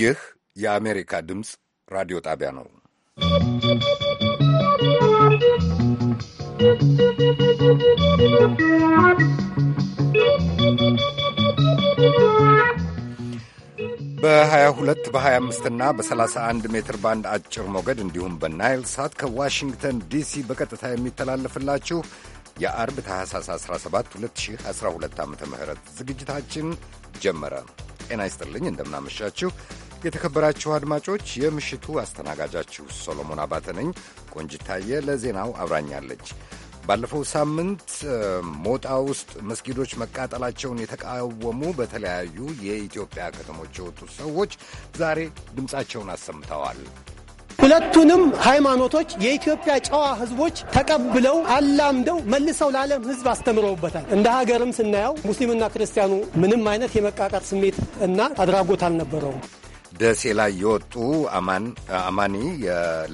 ይህ የአሜሪካ ድምፅ ራዲዮ ጣቢያ ነው። በ22 በ25 እና በ31 ሜትር ባንድ አጭር ሞገድ እንዲሁም በናይል ሳት ከዋሽንግተን ዲሲ በቀጥታ የሚተላለፍላችሁ የአርብ ታህሳስ 17 2012 ዓ ም ዝግጅታችን ጀመረ። ጤና ይስጥልኝ፣ እንደምናመሻችሁ የተከበራችሁ አድማጮች የምሽቱ አስተናጋጃችሁ ሶሎሞን አባተ ነኝ። ቆንጅታየ ለዜናው አብራኛለች። ባለፈው ሳምንት ሞጣ ውስጥ መስጊዶች መቃጠላቸውን የተቃወሙ በተለያዩ የኢትዮጵያ ከተሞች የወጡ ሰዎች ዛሬ ድምፃቸውን አሰምተዋል። ሁለቱንም ሃይማኖቶች የኢትዮጵያ ጨዋ ህዝቦች ተቀብለው አላምደው መልሰው ለዓለም ህዝብ አስተምረውበታል። እንደ ሀገርም ስናየው ሙስሊምና ክርስቲያኑ ምንም አይነት የመቃቃር ስሜት እና አድራጎት አልነበረውም። ደሴ ላይ የወጡ አማኒ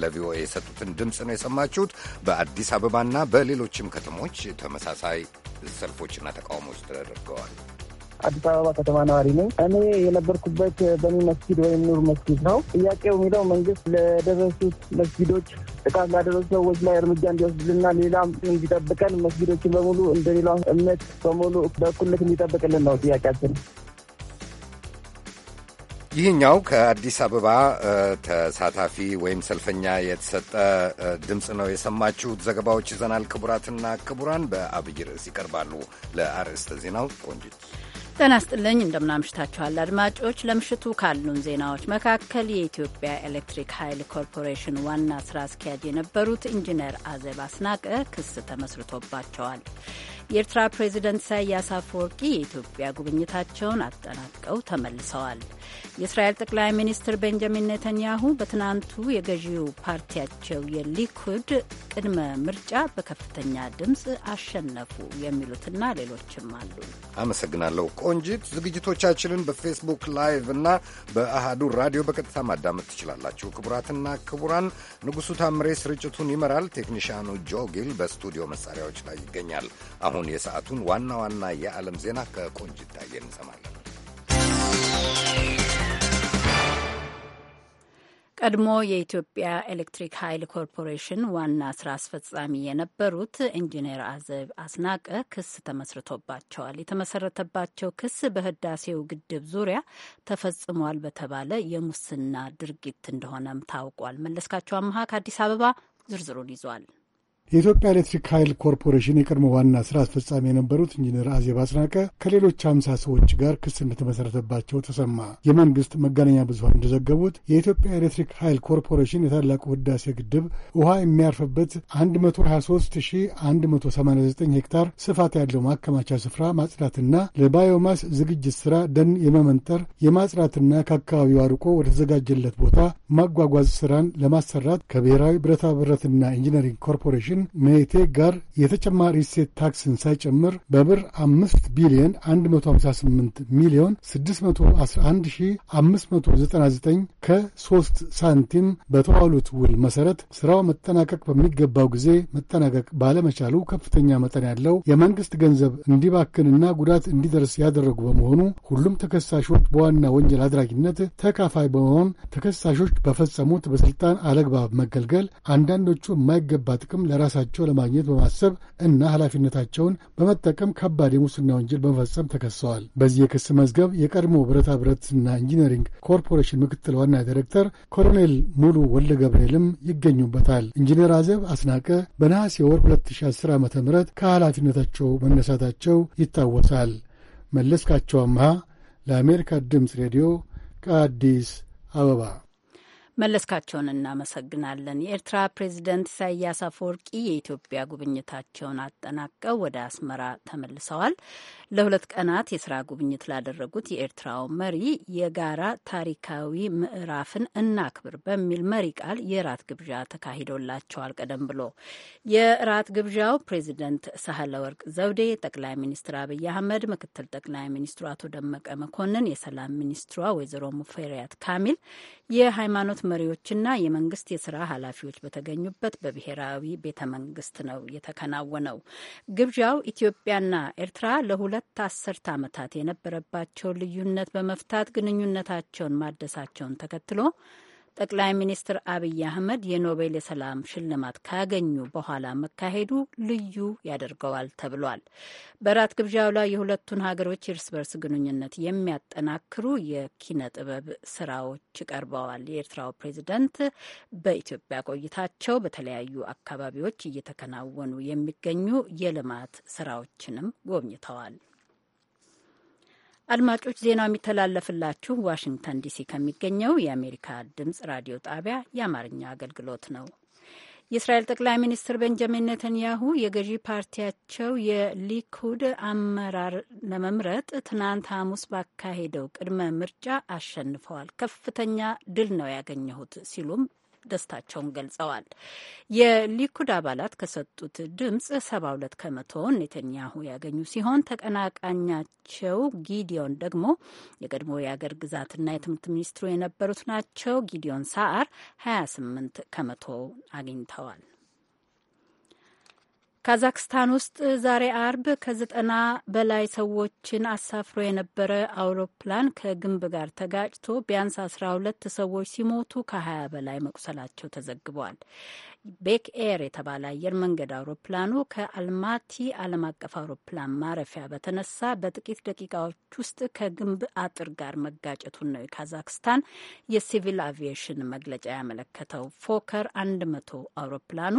ለቪኦኤ የሰጡትን ድምፅ ነው የሰማችሁት። በአዲስ አበባና በሌሎችም ከተሞች ተመሳሳይ ሰልፎችና ተቃውሞዎች ተደርገዋል። አዲስ አበባ ከተማ ነዋሪ ነኝ። እኔ የነበርኩበት በሚ መስጊድ ወይም ኑር መስጊድ ነው። ጥያቄው የሚለው መንግስት ለደረሱት መስጊዶች ጥቃት ላደረሱ ሰዎች ላይ እርምጃ እንዲወስድልና ሌላም እንዲጠብቀን መስጊዶችን በሙሉ እንደሌላ እምነት በሙሉ በእኩልነት እንዲጠብቅልን ነው ጥያቄያችን። ይህኛው ከአዲስ አበባ ተሳታፊ ወይም ሰልፈኛ የተሰጠ ድምፅ ነው የሰማችሁት። ዘገባዎች ይዘናል። ክቡራትና ክቡራን በአብይ ርዕስ ይቀርባሉ። ለአርዕስተ ዜናው ቆንጅት ጤና ይስጥልኝ። እንደምናምሽታችኋል አድማጮች። ለምሽቱ ካሉን ዜናዎች መካከል የኢትዮጵያ ኤሌክትሪክ ኃይል ኮርፖሬሽን ዋና ስራ አስኪያጅ የነበሩት ኢንጂነር አዜብ አስናቀ ክስ ተመስርቶባቸዋል። የኤርትራ ፕሬዚደንት ኢሳያስ አፈወርቂ የኢትዮጵያ ጉብኝታቸውን አጠናቀው ተመልሰዋል። የእስራኤል ጠቅላይ ሚኒስትር ቤንጃሚን ኔተንያሁ በትናንቱ የገዢው ፓርቲያቸው የሊኩድ ቅድመ ምርጫ በከፍተኛ ድምፅ አሸነፉ የሚሉትና ሌሎችም አሉ። አመሰግናለሁ ቆንጂት። ዝግጅቶቻችንን በፌስቡክ ላይቭ እና በአሃዱ ራዲዮ በቀጥታ ማዳመጥ ትችላላችሁ። ክቡራትና ክቡራን፣ ንጉሡ ታምሬ ስርጭቱን ይመራል። ቴክኒሽያኑ ጆ በስቱዲዮ መሳሪያዎች ላይ ይገኛል። አሁን አሁን የሰዓቱን ዋና ዋና የዓለም ዜና ከቆንጅታ ታየ እንሰማለን። ቀድሞ የኢትዮጵያ ኤሌክትሪክ ኃይል ኮርፖሬሽን ዋና ስራ አስፈጻሚ የነበሩት ኢንጂነር አዘብ አስናቀ ክስ ተመስርቶባቸዋል። የተመሰረተባቸው ክስ በህዳሴው ግድብ ዙሪያ ተፈጽሟል በተባለ የሙስና ድርጊት እንደሆነም ታውቋል። መለስካቸው አምሃ ከአዲስ አበባ ዝርዝሩን ይዟል። የኢትዮጵያ ኤሌክትሪክ ኃይል ኮርፖሬሽን የቀድሞ ዋና ሥራ አስፈጻሚ የነበሩት ኢንጂነር አዜብ አስናቀ ከሌሎች አምሳ ሰዎች ጋር ክስ እንደተመሠረተባቸው ተሰማ። የመንግሥት መገናኛ ብዙሀን እንደዘገቡት የኢትዮጵያ ኤሌክትሪክ ኃይል ኮርፖሬሽን የታላቁ ህዳሴ ግድብ ውሃ የሚያርፍበት 123189 ሄክታር ስፋት ያለው ማከማቻ ስፍራ ማጽዳትና ለባዮማስ ዝግጅት ሥራ ደን የመመንጠር የማጽዳትና ከአካባቢው አርቆ ወደተዘጋጀለት ቦታ ማጓጓዝ ሥራን ለማሰራት ከብሔራዊ ብረታ ብረትና ኢንጂነሪንግ ኮርፖሬሽን ሆልዲንግ መቴክ ጋር የተጨማሪ እሴት ታክስን ሳይጨምር በብር 5 ቢሊዮን 158 ሚሊዮን 611599 ከ 3 ሳንቲም በተዋሉት ውል መሠረት ሥራው መጠናቀቅ በሚገባው ጊዜ መጠናቀቅ ባለመቻሉ ከፍተኛ መጠን ያለው የመንግሥት ገንዘብ እንዲባክንና ጉዳት እንዲደርስ ያደረጉ በመሆኑ ሁሉም ተከሳሾች በዋና ወንጀል አድራጊነት ተካፋይ በመሆን ተከሳሾች በፈጸሙት በሥልጣን አለግባብ መገልገል አንዳንዶቹ የማይገባ ጥቅም ለራ ለራሳቸው ለማግኘት በማሰብ እና ኃላፊነታቸውን በመጠቀም ከባድ የሙስና ወንጀል በመፈጸም ተከሰዋል። በዚህ የክስ መዝገብ የቀድሞ ብረታ ብረትና ኢንጂነሪንግ ኮርፖሬሽን ምክትል ዋና ዳይሬክተር ኮሎኔል ሙሉ ወልደ ገብርኤልም ይገኙበታል። ኢንጂነር አዘብ አስናቀ በነሐሴ ወር 2010 ዓ ም ከኃላፊነታቸው መነሳታቸው ይታወሳል። መለስካቸው አምሃ ለአሜሪካ ድምፅ ሬዲዮ ከአዲስ አበባ መለስካቸውን እናመሰግናለን። የኤርትራ ፕሬዚደንት ኢሳያስ አፈወርቂ የኢትዮጵያ ጉብኝታቸውን አጠናቀው ወደ አስመራ ተመልሰዋል። ለሁለት ቀናት የስራ ጉብኝት ላደረጉት የኤርትራው መሪ የጋራ ታሪካዊ ምዕራፍን እናክብር በሚል መሪ ቃል የራት ግብዣ ተካሂዶላቸዋል። ቀደም ብሎ የራት ግብዣው ፕሬዚደንት ሳህለ ወርቅ ዘውዴ፣ ጠቅላይ ሚኒስትር አብይ አህመድ፣ ምክትል ጠቅላይ ሚኒስትሩ አቶ ደመቀ መኮንን፣ የሰላም ሚኒስትሯ ወይዘሮ ሙፈሪያት ካሚል፣ የሃይማኖት መሪዎችና የመንግስት የስራ ኃላፊዎች በተገኙበት በብሔራዊ ቤተ መንግስት ነው የተከናወነው። ግብዣው ኢትዮጵያና ኤርትራ ለሁለት አስርት ዓመታት የነበረባቸው ልዩነት በመፍታት ግንኙነታቸውን ማደሳቸውን ተከትሎ ጠቅላይ ሚኒስትር አብይ አህመድ የኖቤል የሰላም ሽልማት ካገኙ በኋላ መካሄዱ ልዩ ያደርገዋል ተብሏል። በራት ግብዣው ላይ የሁለቱን ሀገሮች የእርስ በርስ ግንኙነት የሚያጠናክሩ የኪነ ጥበብ ስራዎች ቀርበዋል። የኤርትራው ፕሬዚደንት በኢትዮጵያ ቆይታቸው በተለያዩ አካባቢዎች እየተከናወኑ የሚገኙ የልማት ስራዎችንም ጎብኝተዋል። አድማጮች ዜናው የሚተላለፍላችሁ ዋሽንግተን ዲሲ ከሚገኘው የአሜሪካ ድምፅ ራዲዮ ጣቢያ የአማርኛ አገልግሎት ነው። የእስራኤል ጠቅላይ ሚኒስትር ቤንጃሚን ኔተንያሁ የገዢ ፓርቲያቸው የሊኩድ አመራር ለመምረጥ ትናንት ሐሙስ ባካሄደው ቅድመ ምርጫ አሸንፈዋል። ከፍተኛ ድል ነው ያገኘሁት ሲሉም ደስታቸውን ገልጸዋል። የሊኩድ አባላት ከሰጡት ድምፅ 72 ከመቶ ኔተንያሁ ያገኙ ሲሆን ተቀናቃኛቸው ጊዲዮን ደግሞ የቀድሞ የአገር ግዛትና የትምህርት ሚኒስትሩ የነበሩት ናቸው። ጊዲዮን ሳአር 28 ከመቶ አግኝተዋል። ካዛክስታን ውስጥ ዛሬ አርብ ከዘጠና በላይ ሰዎችን አሳፍሮ የነበረ አውሮፕላን ከግንብ ጋር ተጋጭቶ ቢያንስ አስራ ሁለት ሰዎች ሲሞቱ ከሀያ በላይ መቁሰላቸው ተዘግቧል። ቤክ ኤር የተባለ አየር መንገድ አውሮፕላኑ ከአልማቲ ዓለም አቀፍ አውሮፕላን ማረፊያ በተነሳ በጥቂት ደቂቃዎች ውስጥ ከግንብ አጥር ጋር መጋጨቱን ነው የካዛክስታን የሲቪል አቪዬሽን መግለጫ ያመለከተው። ፎከር አንድ መቶ አውሮፕላኑ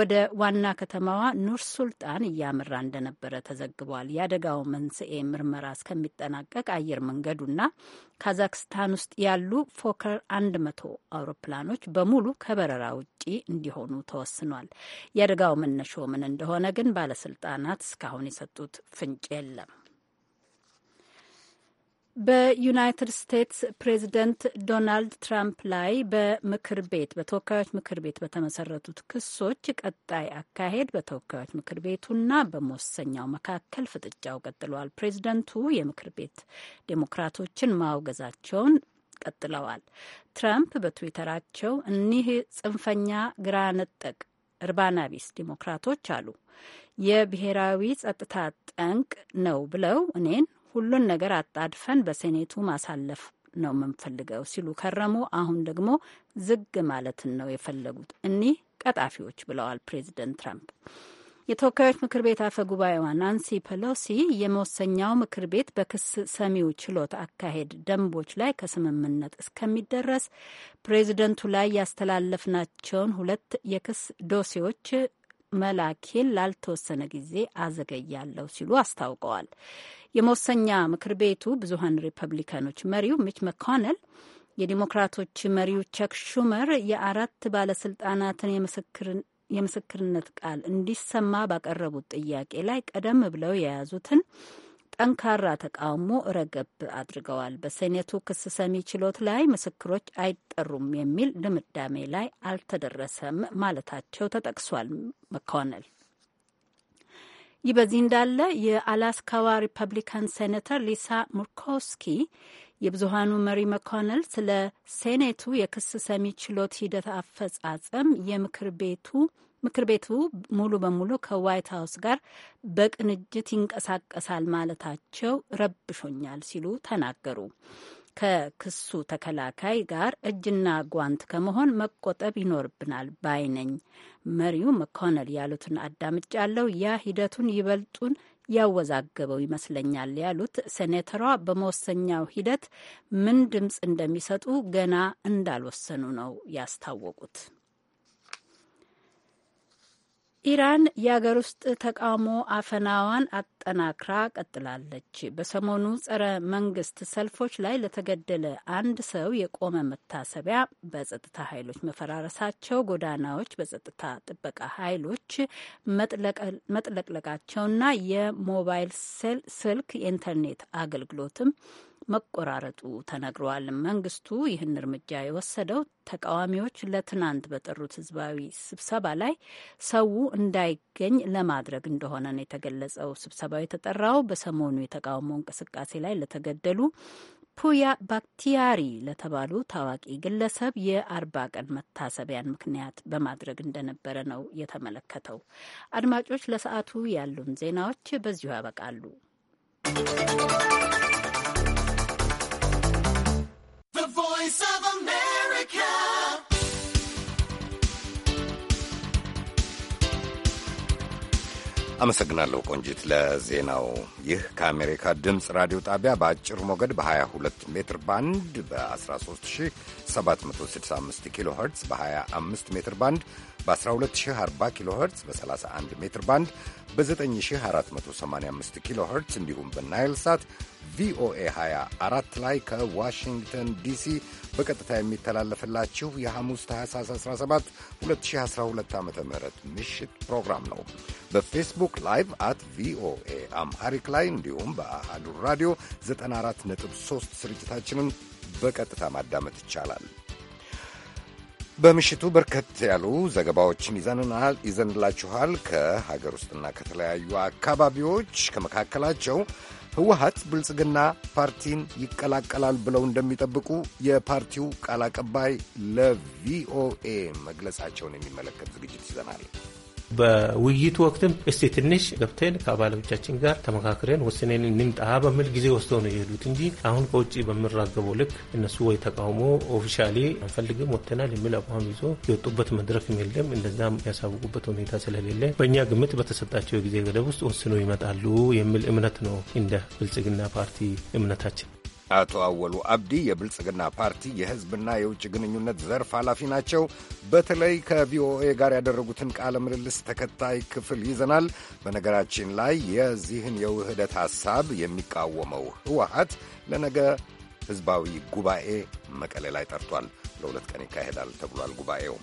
ወደ ዋና ከተማዋ ኑር ሱልጣን እያመራ እንደነበረ ተዘግቧል። የአደጋው መንስኤ ምርመራ እስከሚጠናቀቅ አየር መንገዱና ካዛክስታን ውስጥ ያሉ ፎከር መቶ አውሮፕላኖች በሙሉ ከበረራ ውጪ እንዲሆ እንዲሆኑ ተወስኗል። የአደጋው መነሾ ምን እንደሆነ ግን ባለስልጣናት እስካሁን የሰጡት ፍንጭ የለም። በዩናይትድ ስቴትስ ፕሬዚደንት ዶናልድ ትራምፕ ላይ በምክር ቤት በተወካዮች ምክር ቤት በተመሰረቱት ክሶች ቀጣይ አካሄድ በተወካዮች ምክር ቤቱና በመወሰኛው መካከል ፍጥጫው ቀጥሏል። ፕሬዚደንቱ የምክር ቤት ዴሞክራቶችን ማውገዛቸውን ቀጥለዋል። ትራምፕ በትዊተራቸው እኒህ ጽንፈኛ ግራ ነጠቅ እርባናቢስ ዲሞክራቶች አሉ የብሔራዊ ጸጥታ ጠንቅ ነው ብለው እኔን ሁሉን ነገር አጣድፈን በሴኔቱ ማሳለፍ ነው የምንፈልገው ሲሉ ከረሙ። አሁን ደግሞ ዝግ ማለትን ነው የፈለጉት እኒህ ቀጣፊዎች ብለዋል ፕሬዚደንት ትራምፕ። የተወካዮች ምክር ቤት አፈ ጉባኤዋ ናንሲ ፐሎሲ የመወሰኛው ምክር ቤት በክስ ሰሚው ችሎት አካሄድ ደንቦች ላይ ከስምምነት እስከሚደረስ ፕሬዚደንቱ ላይ ያስተላለፍናቸውን ሁለት የክስ ዶሴዎች መላኬን ላልተወሰነ ጊዜ አዘገያለሁ ሲሉ አስታውቀዋል። የመወሰኛ ምክር ቤቱ ብዙሀን ሪፐብሊካኖች መሪው ሚች መኮነል የዲሞክራቶች መሪው ቸክ ሹመር የአራት ባለስልጣናትን የምስክርን የምስክርነት ቃል እንዲሰማ ባቀረቡት ጥያቄ ላይ ቀደም ብለው የያዙትን ጠንካራ ተቃውሞ ረገብ አድርገዋል። በሴኔቱ ክስ ሰሚ ችሎት ላይ ምስክሮች አይጠሩም የሚል ድምዳሜ ላይ አልተደረሰም ማለታቸው ተጠቅሷል። መኮነል ይህ በዚህ እንዳለ የአላስካዋ ሪፐብሊካን ሴኔተር ሊሳ ሙርኮስኪ የብዙሃኑ መሪ መኮነል ስለ ሴኔቱ የክስ ሰሚ ችሎት ሂደት አፈጻጸም የምክር ቤቱ ምክር ቤቱ ሙሉ በሙሉ ከዋይት ሀውስ ጋር በቅንጅት ይንቀሳቀሳል ማለታቸው ረብሾኛል ሲሉ ተናገሩ። ከክሱ ተከላካይ ጋር እጅና ጓንት ከመሆን መቆጠብ ይኖርብናል ባይነኝ። መሪው መኮነል ያሉትን አዳምጫለሁ። ያ ሂደቱን ይበልጡን ያወዛገበው ይመስለኛል ያሉት ሴኔተሯ በመወሰኛው ሂደት ምን ድምፅ እንደሚሰጡ ገና እንዳልወሰኑ ነው ያስታወቁት። ኢራን የአገር ውስጥ ተቃውሞ አፈናዋን አጠናክራ ቀጥላለች። በሰሞኑ ጸረ መንግስት ሰልፎች ላይ ለተገደለ አንድ ሰው የቆመ መታሰቢያ በጸጥታ ኃይሎች መፈራረሳቸው ጎዳናዎች በጸጥታ ጥበቃ ኃይሎች መጥለቅለቃቸውና የሞባይል ስልክ የኢንተርኔት አገልግሎትም መቆራረጡ ተነግረዋል። መንግስቱ ይህን እርምጃ የወሰደው ተቃዋሚዎች ለትናንት በጠሩት ህዝባዊ ስብሰባ ላይ ሰው እንዳይገኝ ለማድረግ እንደሆነ ነው የተገለጸው። ስብሰባው የተጠራው በሰሞኑ የተቃውሞ እንቅስቃሴ ላይ ለተገደሉ ፑያ ባክቲያሪ ለተባሉ ታዋቂ ግለሰብ የአርባ ቀን መታሰቢያን ምክንያት በማድረግ እንደነበረ ነው የተመለከተው። አድማጮች፣ ለሰዓቱ ያሉን ዜናዎች በዚሁ ያበቃሉ። አመሰግናለሁ ቆንጂት ለዜናው። ይህ ከአሜሪካ ድምፅ ራዲዮ ጣቢያ በአጭር ሞገድ በ22 ሜትር ባንድ በ13765 ኪሎ ኸርትዝ በ25 ሜትር ባንድ በ1240 ኪሎ ኸርትዝ በ31 ሜትር ባንድ በ9485 ኪሎ ኸርትዝ እንዲሁም በናይል ሳት ቪኦኤ 24 ላይ ከዋሽንግተን ዲሲ በቀጥታ የሚተላለፍላችሁ የሐሙስ ታህሳስ 17 2012 ዓ ም ምሽት ፕሮግራም ነው። በፌስቡክ ላይቭ አት ቪኦኤ አምሃሪክ ላይ እንዲሁም በአሃዱ ራዲዮ 94.3 ስርጭታችንን በቀጥታ ማዳመጥ ይቻላል። በምሽቱ በርከት ያሉ ዘገባዎችን ይዘንናል ይዘንላችኋል ከሀገር ውስጥና ከተለያዩ አካባቢዎች ከመካከላቸው ህወሀት ብልጽግና ፓርቲን ይቀላቀላል ብለው እንደሚጠብቁ የፓርቲው ቃል አቀባይ ለቪኦኤ መግለጻቸውን የሚመለከት ዝግጅት ይዘናል። በውይይቱ ወቅትም እስቲ ትንሽ ገብተን ከአባሎቻችን ጋር ተመካክረን ወስነን እንምጣ በሚል ጊዜ ወስደው ነው የሄዱት እንጂ አሁን ከውጭ በምራገበው ልክ እነሱ ወይ ተቃውሞ ኦፊሻሌ አንፈልግም ወጥተናል የሚል አቋም ይዞ የወጡበት መድረክም የለም። እንደዛ ያሳውቁበት ሁኔታ ስለሌለ በእኛ ግምት በተሰጣቸው የጊዜ ገደብ ውስጥ ወስኖ ይመጣሉ የሚል እምነት ነው እንደ ብልጽግና ፓርቲ እምነታችን። አቶ አወሉ አብዲ የብልጽግና ፓርቲ የሕዝብና የውጭ ግንኙነት ዘርፍ ኃላፊ ናቸው። በተለይ ከቪኦኤ ጋር ያደረጉትን ቃለ ምልልስ ተከታይ ክፍል ይዘናል። በነገራችን ላይ የዚህን የውህደት ሐሳብ የሚቃወመው ህወሀት ለነገ ሕዝባዊ ጉባኤ መቀሌ ላይ ጠርቷል። ለሁለት ቀን ይካሄዳል ተብሏል ጉባኤው።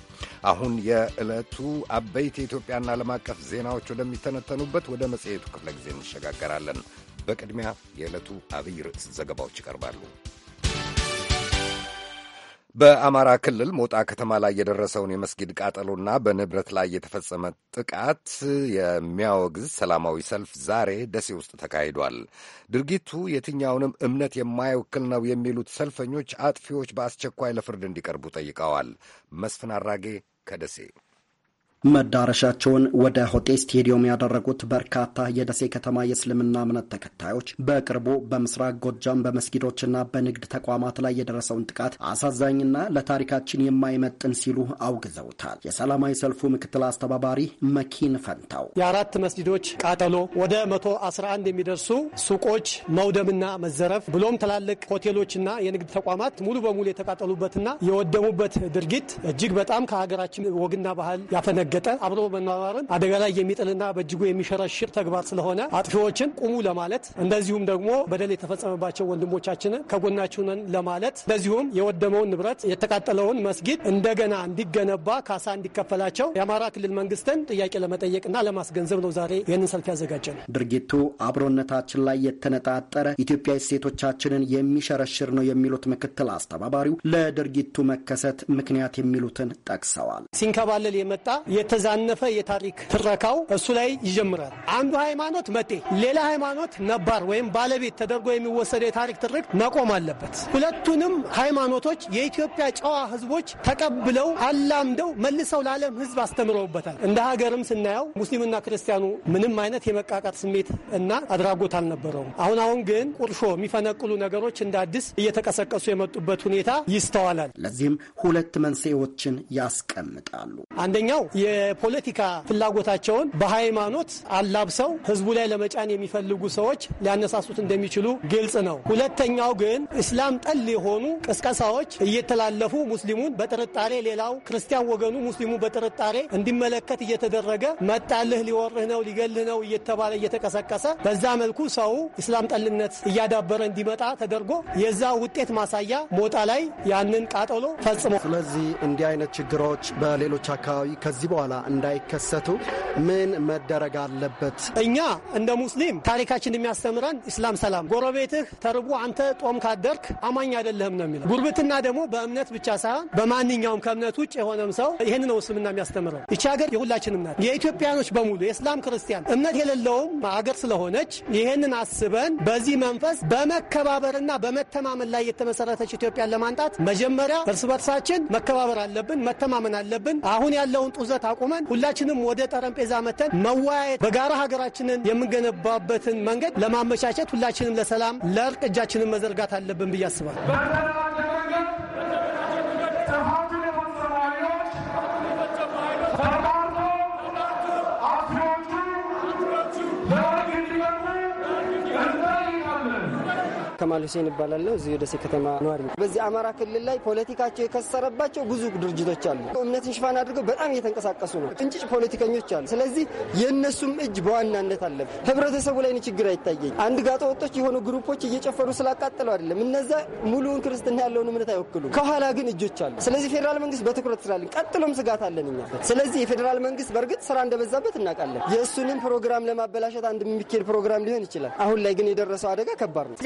አሁን የዕለቱ አበይት የኢትዮጵያና ዓለም አቀፍ ዜናዎች ወደሚተነተኑበት ወደ መጽሔቱ ክፍለ ጊዜ እንሸጋገራለን። በቅድሚያ የዕለቱ አብይ ርዕስ ዘገባዎች ይቀርባሉ። በአማራ ክልል ሞጣ ከተማ ላይ የደረሰውን የመስጊድ ቃጠሎና በንብረት ላይ የተፈጸመ ጥቃት የሚያወግዝ ሰላማዊ ሰልፍ ዛሬ ደሴ ውስጥ ተካሂዷል። ድርጊቱ የትኛውንም እምነት የማይወክል ነው የሚሉት ሰልፈኞች አጥፊዎች በአስቸኳይ ለፍርድ እንዲቀርቡ ጠይቀዋል። መስፍን አራጌ ከደሴ መዳረሻቸውን ወደ ሆቴል ስቴዲየም ያደረጉት በርካታ የደሴ ከተማ የእስልምና እምነት ተከታዮች በቅርቡ በምስራቅ ጎጃም በመስጊዶችና በንግድ ተቋማት ላይ የደረሰውን ጥቃት አሳዛኝና ለታሪካችን የማይመጥን ሲሉ አውግዘውታል። የሰላማዊ ሰልፉ ምክትል አስተባባሪ መኪን ፈንታው የአራት መስጊዶች ቃጠሎ፣ ወደ 111 የሚደርሱ ሱቆች መውደምና መዘረፍ ብሎም ትላልቅ ሆቴሎችና የንግድ ተቋማት ሙሉ በሙሉ የተቃጠሉበትና የወደሙበት ድርጊት እጅግ በጣም ከሀገራችን ወግና ባህል ያፈነ ያፈነገጠ አብሮ መኗኗርን አደጋ ላይ የሚጥልና በእጅጉ የሚሸረሽር ተግባር ስለሆነ አጥፊዎችን ቁሙ ለማለት እንደዚሁም ደግሞ በደል የተፈጸመባቸው ወንድሞቻችንን ከጎናችሁ ለማለት እንደዚሁም የወደመውን ንብረት የተቃጠለውን መስጊድ እንደገና እንዲገነባ ካሳ እንዲከፈላቸው የአማራ ክልል መንግስትን ጥያቄ ለመጠየቅና ለማስገንዘብ ነው ዛሬ ይህንን ሰልፍ ያዘጋጀ ነው። ድርጊቱ አብሮነታችን ላይ የተነጣጠረ ኢትዮጵያዊ እሴቶቻችንን የሚሸረሽር ነው የሚሉት ምክትል አስተባባሪው ለድርጊቱ መከሰት ምክንያት የሚሉትን ጠቅሰዋል። ሲንከባለል የመጣ የተዛነፈ የታሪክ ትረካው እሱ ላይ ይጀምራል። አንዱ ሃይማኖት መጤ፣ ሌላ ሃይማኖት ነባር ወይም ባለቤት ተደርጎ የሚወሰደ የታሪክ ትርክ መቆም አለበት። ሁለቱንም ሃይማኖቶች የኢትዮጵያ ጨዋ ህዝቦች ተቀብለው አላምደው መልሰው ለዓለም ህዝብ አስተምረውበታል። እንደ ሀገርም ስናየው ሙስሊምና ክርስቲያኑ ምንም አይነት የመቃቃር ስሜት እና አድራጎት አልነበረውም። አሁን አሁን ግን ቁርሾ የሚፈነቅሉ ነገሮች እንደ አዲስ እየተቀሰቀሱ የመጡበት ሁኔታ ይስተዋላል። ለዚህም ሁለት መንስኤዎችን ያስቀምጣሉ። አንደኛው የፖለቲካ ፍላጎታቸውን በሃይማኖት አላብሰው ህዝቡ ላይ ለመጫን የሚፈልጉ ሰዎች ሊያነሳሱት እንደሚችሉ ግልጽ ነው። ሁለተኛው ግን እስላም ጠል የሆኑ ቅስቀሳዎች እየተላለፉ ሙስሊሙን በጥርጣሬ ሌላው ክርስቲያን ወገኑ ሙስሊሙ በጥርጣሬ እንዲመለከት እየተደረገ መጣልህ፣ ሊወርህ ነው፣ ሊገልህ ነው እየተባለ እየተቀሰቀሰ በዛ መልኩ ሰው እስላም ጠልነት እያዳበረ እንዲመጣ ተደርጎ የዛ ውጤት ማሳያ ሞጣ ላይ ያንን ቃጠሎ ፈጽሞ ስለዚህ እንዲህ አይነት ችግሮች በሌሎች አካባቢ ከዚህ በኋላ እንዳይከሰቱ ምን መደረግ አለበት? እኛ እንደ ሙስሊም ታሪካችን የሚያስተምረን ኢስላም ሰላም፣ ጎረቤትህ ተርቦ አንተ ጦም ካደርክ አማኝ አይደለህም ነው የሚለው። ጉርብትና ደግሞ በእምነት ብቻ ሳይሆን በማንኛውም ከእምነት ውጭ የሆነም ሰው ይህን ነው እስልምና የሚያስተምረው። ይቺ ሀገር የሁላችን እምነት የኢትዮጵያኖች በሙሉ የእስላም ክርስቲያን፣ እምነት የሌለውም ሀገር ስለሆነች ይህንን አስበን በዚህ መንፈስ በመከባበርና በመተማመን ላይ የተመሰረተች ኢትዮጵያን ለማንጣት መጀመሪያ እርስ በርሳችን መከባበር አለብን፣ መተማመን አለብን። አሁን ያለውን ጡዘት አቁመን ሁላችንም ወደ ጠረጴዛ መተን መወያየት በጋራ ሀገራችንን የምንገነባበትን መንገድ ለማመቻቸት ሁላችንም ለሰላም ለእርቅ እጃችንን መዘርጋት አለብን ብዬ አስባለሁ። ከማል ሁሴን ይባላለሁ። እዚህ ደሴ ከተማ ነዋሪ ነው። በዚህ አማራ ክልል ላይ ፖለቲካቸው የከሰረባቸው ብዙ ድርጅቶች አሉ። እምነትን ሽፋን አድርገው በጣም እየተንቀሳቀሱ ነው። እንጭጭ ፖለቲከኞች አሉ። ስለዚህ የእነሱም እጅ በዋናነት አለብ። ህብረተሰቡ ላይ ችግር አይታየኝ። አንድ ጋጠ ወጦች የሆኑ ግሩፖች እየጨፈሩ ስላቃጠለው አይደለም። እነዛ ሙሉውን ክርስትና ያለውን እምነት አይወክሉም። ከኋላ ግን እጆች አሉ። ስለዚህ ፌዴራል መንግስት በትኩረት ስላለን ቀጥሎም ስጋት አለን እኛ። ስለዚህ የፌዴራል መንግስት በእርግጥ ስራ እንደበዛበት እናውቃለን። የእሱንም ፕሮግራም ለማበላሸት አንድ የሚካሄድ ፕሮግራም ሊሆን ይችላል። አሁን ላይ ግን የደረሰው አደጋ ከባድ ነው።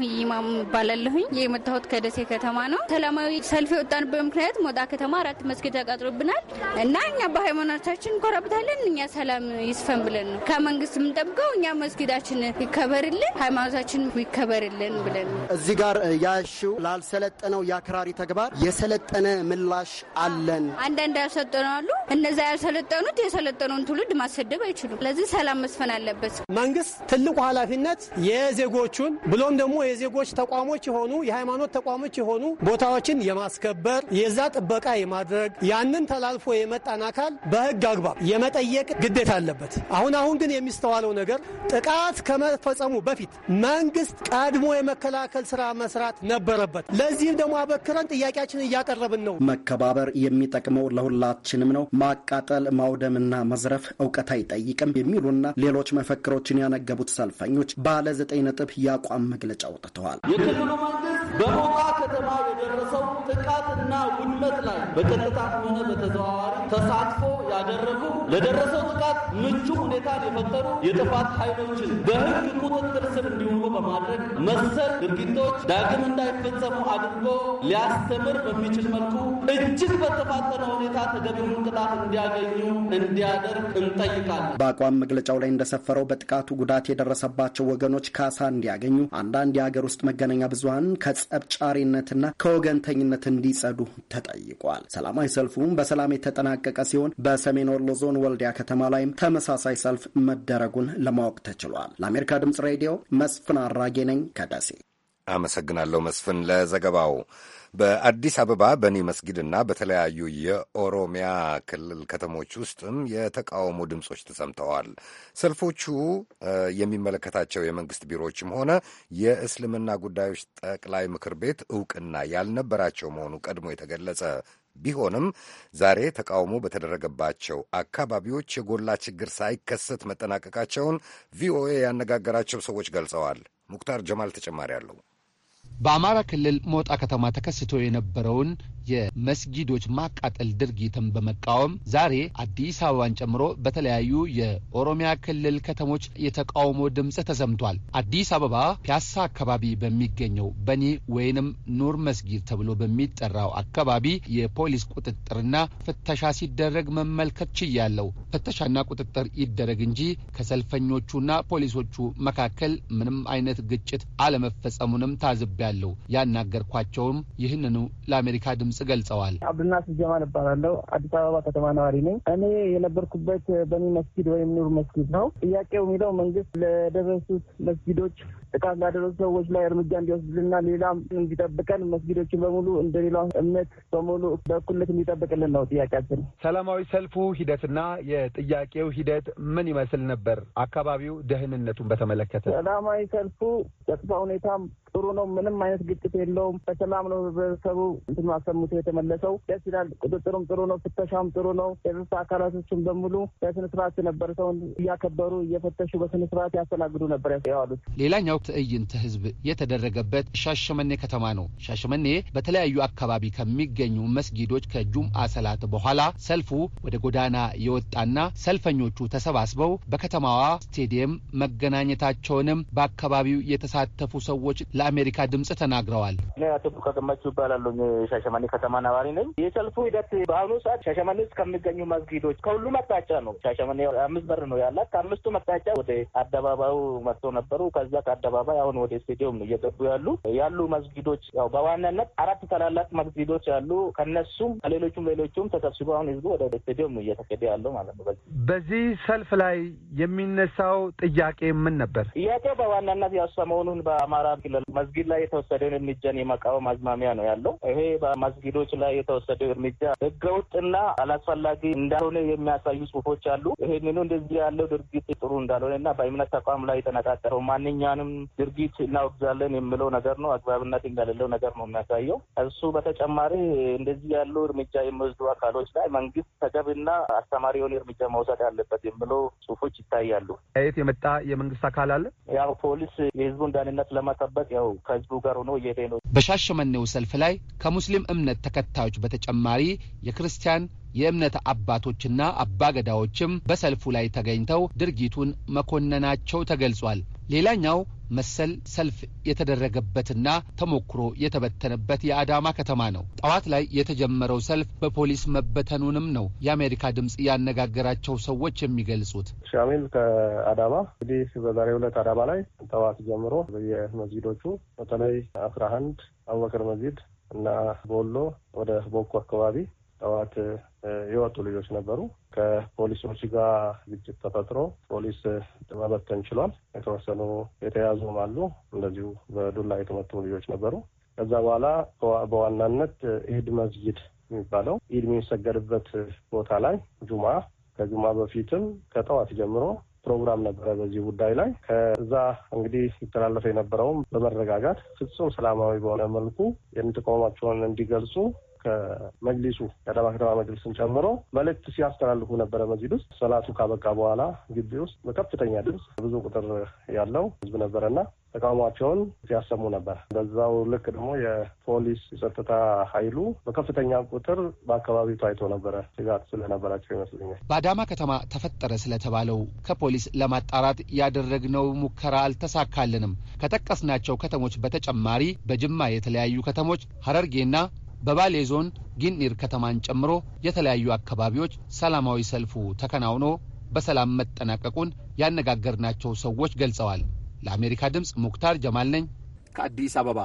ሙህይ ማም እባላለሁኝ። የመጣሁት ከደሴ ከተማ ነው። ሰላማዊ ሰልፍ የወጣንበት ምክንያት ሞጣ ከተማ አራት መስጊድ ተቃጥሎብናል እና እኛ በሃይማኖታችን እንኮረብታለን። እኛ ሰላም ይስፈን ብለን ነው ከመንግስት የምንጠብቀው። እኛ መስጊዳችን ይከበርልን፣ ሃይማኖታችን ይከበርልን ብለን ነው። እዚህ ጋር ያሽው ላልሰለጠነው የአክራሪ ተግባር የሰለጠነ ምላሽ አለን። አንዳንድ ያልሰለጠኑ አሉ። እነዛ ያልሰለጠኑት የሰለጠነውን ትውልድ ማሰደብ አይችሉም። ለዚህ ሰላም መስፈን አለበት። መንግስት ትልቁ ኃላፊነት የዜጎቹን ብሎም ደግሞ የዜጎች ተቋሞች የሆኑ የሃይማኖት ተቋሞች የሆኑ ቦታዎችን የማስከበር የዛ ጥበቃ የማድረግ ያንን ተላልፎ የመጣን አካል በህግ አግባብ የመጠየቅ ግዴታ አለበት። አሁን አሁን ግን የሚስተዋለው ነገር ጥቃት ከመፈጸሙ በፊት መንግስት ቀድሞ የመከላከል ስራ መስራት ነበረበት። ለዚህም ደግሞ አበክረን ጥያቄያችን እያቀረብን ነው። መከባበር የሚጠቅመው ለሁላችንም ነው። ማቃጠል ማውደምና መዝረፍ እውቀት አይጠይቅም የሚሉና ሌሎች መፈክሮችን ያነገቡት ሰልፈኞች ባለ ዘጠኝ ነጥብ የአቋም መግለጫው አውጥተዋል። የክልሉ መንግስት በሞጣ ከተማ የደረሰው ጥቃትና ውድመት ላይ በቀጥታ ሆነ በተዘዋዋሪ ተሳትፎ ያደረጉ ለደረሰው ጥቃት ምቹ ሁኔታን የፈጠሩ የጥፋት ኃይሎችን በሕግ ቁጥጥር ስር እንዲውሉ በማድረግ መሰል ድርጊቶች ዳግም እንዳይፈጸሙ አድርጎ ሊያስተምር በሚችል መልኩ እጅግ በተፋጠነ ሁኔታ ተገቢውን ቅጣት እንዲያገኙ እንዲያደርግ እንጠይቃለን። በአቋም መግለጫው ላይ እንደሰፈረው በጥቃቱ ጉዳት የደረሰባቸው ወገኖች ካሳ እንዲያገኙ፣ አንዳንድ የሀገር ውስጥ መገናኛ ብዙሀን ከጸብጫሪነትና ከወገንተኝነት እንዲጸዱ ተጠይቋል። ሰላማዊ ሰልፉም በሰላም የተጠና የተጠናቀቀ ሲሆን በሰሜን ወሎ ዞን ወልዲያ ከተማ ላይም ተመሳሳይ ሰልፍ መደረጉን ለማወቅ ተችሏል። ለአሜሪካ ድምጽ ሬዲዮ መስፍን አራጌ ነኝ ከደሴ። አመሰግናለሁ መስፍን ለዘገባው። በአዲስ አበባ በኒ መስጊድና በተለያዩ የኦሮሚያ ክልል ከተሞች ውስጥም የተቃውሞ ድምፆች ተሰምተዋል። ሰልፎቹ የሚመለከታቸው የመንግስት ቢሮዎችም ሆነ የእስልምና ጉዳዮች ጠቅላይ ምክር ቤት እውቅና ያልነበራቸው መሆኑ ቀድሞ የተገለጸ ቢሆንም ዛሬ ተቃውሞ በተደረገባቸው አካባቢዎች የጎላ ችግር ሳይከሰት መጠናቀቃቸውን ቪኦኤ ያነጋገራቸው ሰዎች ገልጸዋል። ሙክታር ጀማል ተጨማሪ አለው። በአማራ ክልል ሞጣ ከተማ ተከስቶ የነበረውን የመስጊዶች ማቃጠል ድርጊትን በመቃወም ዛሬ አዲስ አበባን ጨምሮ በተለያዩ የኦሮሚያ ክልል ከተሞች የተቃውሞ ድምፅ ተሰምቷል። አዲስ አበባ ፒያሳ አካባቢ በሚገኘው በኒ ወይንም ኑር መስጊድ ተብሎ በሚጠራው አካባቢ የፖሊስ ቁጥጥርና ፍተሻ ሲደረግ መመልከት ችያለው። ፍተሻና ቁጥጥር ይደረግ እንጂ ከሰልፈኞቹና ፖሊሶቹ መካከል ምንም አይነት ግጭት አለመፈጸሙንም ታዝቤያለሁ። ያናገርኳቸውም ይህንኑ ለአሜሪካ ድምፅ ለአሜሪካ ድምጽ ገልጸዋል። አብዱልናስር ጀማል እባላለሁ። አዲስ አበባ ከተማ ነዋሪ ነኝ። እኔ የነበርኩበት በኒ መስጊድ ወይም ኑር መስጊድ ነው። ጥያቄው የሚለው መንግስት ለደረሱት መስጊዶች ጥቃት ላደረሱ ሰዎች ላይ እርምጃ እንዲወስድልና ሌላም እንዲጠብቀን መስጊዶችን በሙሉ እንደ ሌላ እምነት በሙሉ በእኩልነት እንዲጠብቅልን ነው ጥያቄያችን። ሰላማዊ ሰልፉ ሂደትና የጥያቄው ሂደት ምን ይመስል ነበር? አካባቢው ደህንነቱን በተመለከተ ሰላማዊ ሰልፉ ጸጥታ ሁኔታም ጥሩ ነው። ምንም አይነት ግጭት የለውም። በሰላም ነው ህብረተሰቡ እንትን አሰምቶ የተመለሰው። ደስ ይላል። ቁጥጥሩም ጥሩ ነው። ፍተሻም ጥሩ ነው። የጸጥታ አካላቶችም በሙሉ በስነስርዓት የነበረ ሰውን እያከበሩ እየፈተሹ በስነስርዓት ያስተናግዱ ነበር የዋሉት። ሌላኛው ትዕይንተ ህዝብ የተደረገበት ሻሸመኔ ከተማ ነው። ሻሸመኔ በተለያዩ አካባቢ ከሚገኙ መስጊዶች ከጁምአ ሰላት በኋላ ሰልፉ ወደ ጎዳና የወጣና ሰልፈኞቹ ተሰባስበው በከተማዋ ስቴዲየም መገናኘታቸውንም በአካባቢው የተሳተፉ ሰዎች ለአሜሪካ ድምፅ ተናግረዋል። እኔ አቶ ዱካገማቹ ይባላሉ። ሻሸመኔ ከተማ ነዋሪ ነኝ። የሰልፉ ሂደት በአሁኑ ሰዓት ሻሸመኔ ውስጥ ከሚገኙ መስጊዶች ከሁሉም አቅጣጫ ነው። ሻሸማኔ አምስት በር ነው ያላት። ከአምስቱ መቅጣጫ ወደ አደባባዩ መጥተው ነበሩ። ከዛ ከአደባባይ አሁን ወደ ስቴዲየም ነው እየገቡ ያሉ ያሉ መስጊዶች ያው በዋናነት አራት ታላላቅ መስጊዶች ያሉ ከነሱም ከሌሎቹም ሌሎቹም ተሰብስበው አሁን ህዝቡ ወደ ስቴዲየም ነው እየተኬደ ያለው ማለት ነው። በዚህ ሰልፍ ላይ የሚነሳው ጥያቄ ምን ነበር? ጥያቄው በዋናነት ያው ሰሞኑን በአማራ ክልል መስጊድ ላይ የተወሰደውን እርምጃን የመቃወም አዝማሚያ ነው ያለው። ይሄ በመስጊዶች ላይ የተወሰደው እርምጃ ህገወጥና አላስፈላጊ እንዳልሆነ የሚያሳዩ ጽሁፎች አሉ። ይሄንኑ እንደዚህ ያለው ድርጊት ጥሩ እንዳልሆነ እና በእምነት ተቋም ላይ የተነጣጠረው ማንኛንም ድርጊት እናወግዛለን የምለው ነገር ነው አግባብነት እንደሌለው ነገር ነው የሚያሳየው። እሱ በተጨማሪ እንደዚህ ያለው እርምጃ የሚወስዱ አካሎች ላይ መንግስት ተገቢና አስተማሪ የሆነ እርምጃ መውሰድ አለበት የምለው ጽሁፎች ይታያሉ። የት የመጣ የመንግስት አካል አለ? ያው ፖሊስ የህዝቡን ደህንነት ለመጠበቅ ያው ከህዝቡ ጋር ሆኖ እየሄደ ነው። በሻሸመኔው ሰልፍ ላይ ከሙስሊም እምነት ተከታዮች በተጨማሪ የክርስቲያን የእምነት አባቶችና አባገዳዎችም በሰልፉ ላይ ተገኝተው ድርጊቱን መኮነናቸው ተገልጿል። ሌላኛው መሰል ሰልፍ የተደረገበትና ተሞክሮ የተበተነበት የአዳማ ከተማ ነው። ጠዋት ላይ የተጀመረው ሰልፍ በፖሊስ መበተኑንም ነው የአሜሪካ ድምፅ ያነጋገራቸው ሰዎች የሚገልጹት። ሻሚል ከአዳማ እንግዲህ በዛሬው ዕለት አዳማ ላይ ጠዋት ጀምሮ በየመስጊዶቹ በተለይ አስራ አንድ አቡበክር መስጊድ እና ቦሎ ወደ ቦኮ አካባቢ ጠዋት የወጡ ልጆች ነበሩ። ከፖሊሶች ጋር ግጭት ተፈጥሮ ፖሊስ መበተን ችሏል። የተወሰኑ የተያዙም አሉ። እንደዚሁ በዱላ የተመቱ ልጆች ነበሩ። ከዛ በኋላ በዋናነት ኢድ መስጊድ የሚባለው ኢድ የሚሰገድበት ቦታ ላይ ጁማ ከጁማ በፊትም ከጠዋት ጀምሮ ፕሮግራም ነበረ በዚህ ጉዳይ ላይ። ከዛ እንግዲህ ይተላለፈ የነበረውም በመረጋጋት ፍጹም ሰላማዊ በሆነ መልኩ የምትቃወማቸውን እንዲገልጹ ከመጅሊሱ የአዳማ ከተማ መጅሊስን ጨምሮ መልእክት ሲያስተላልፉ ነበረ። በዚህ ውስጥ ሰላቱ ካበቃ በኋላ ግቢ ውስጥ በከፍተኛ ድምፅ ብዙ ቁጥር ያለው ህዝብ ነበረና ተቃውሟቸውን ሲያሰሙ ነበር። በዛው ልክ ደግሞ የፖሊስ የጸጥታ ኃይሉ በከፍተኛ ቁጥር በአካባቢው ታይቶ ነበረ። ስጋት ስለነበራቸው ይመስለኛል። በአዳማ ከተማ ተፈጠረ ስለተባለው ከፖሊስ ለማጣራት ያደረግነው ሙከራ አልተሳካልንም። ከጠቀስናቸው ከተሞች በተጨማሪ በጅማ የተለያዩ ከተሞች ሀረርጌና በባሌ ዞን ጊኒር ከተማን ጨምሮ የተለያዩ አካባቢዎች ሰላማዊ ሰልፉ ተከናውኖ በሰላም መጠናቀቁን ያነጋገርናቸው ሰዎች ገልጸዋል። ለአሜሪካ ድምፅ ሙክታር ጀማል ነኝ ከአዲስ አበባ።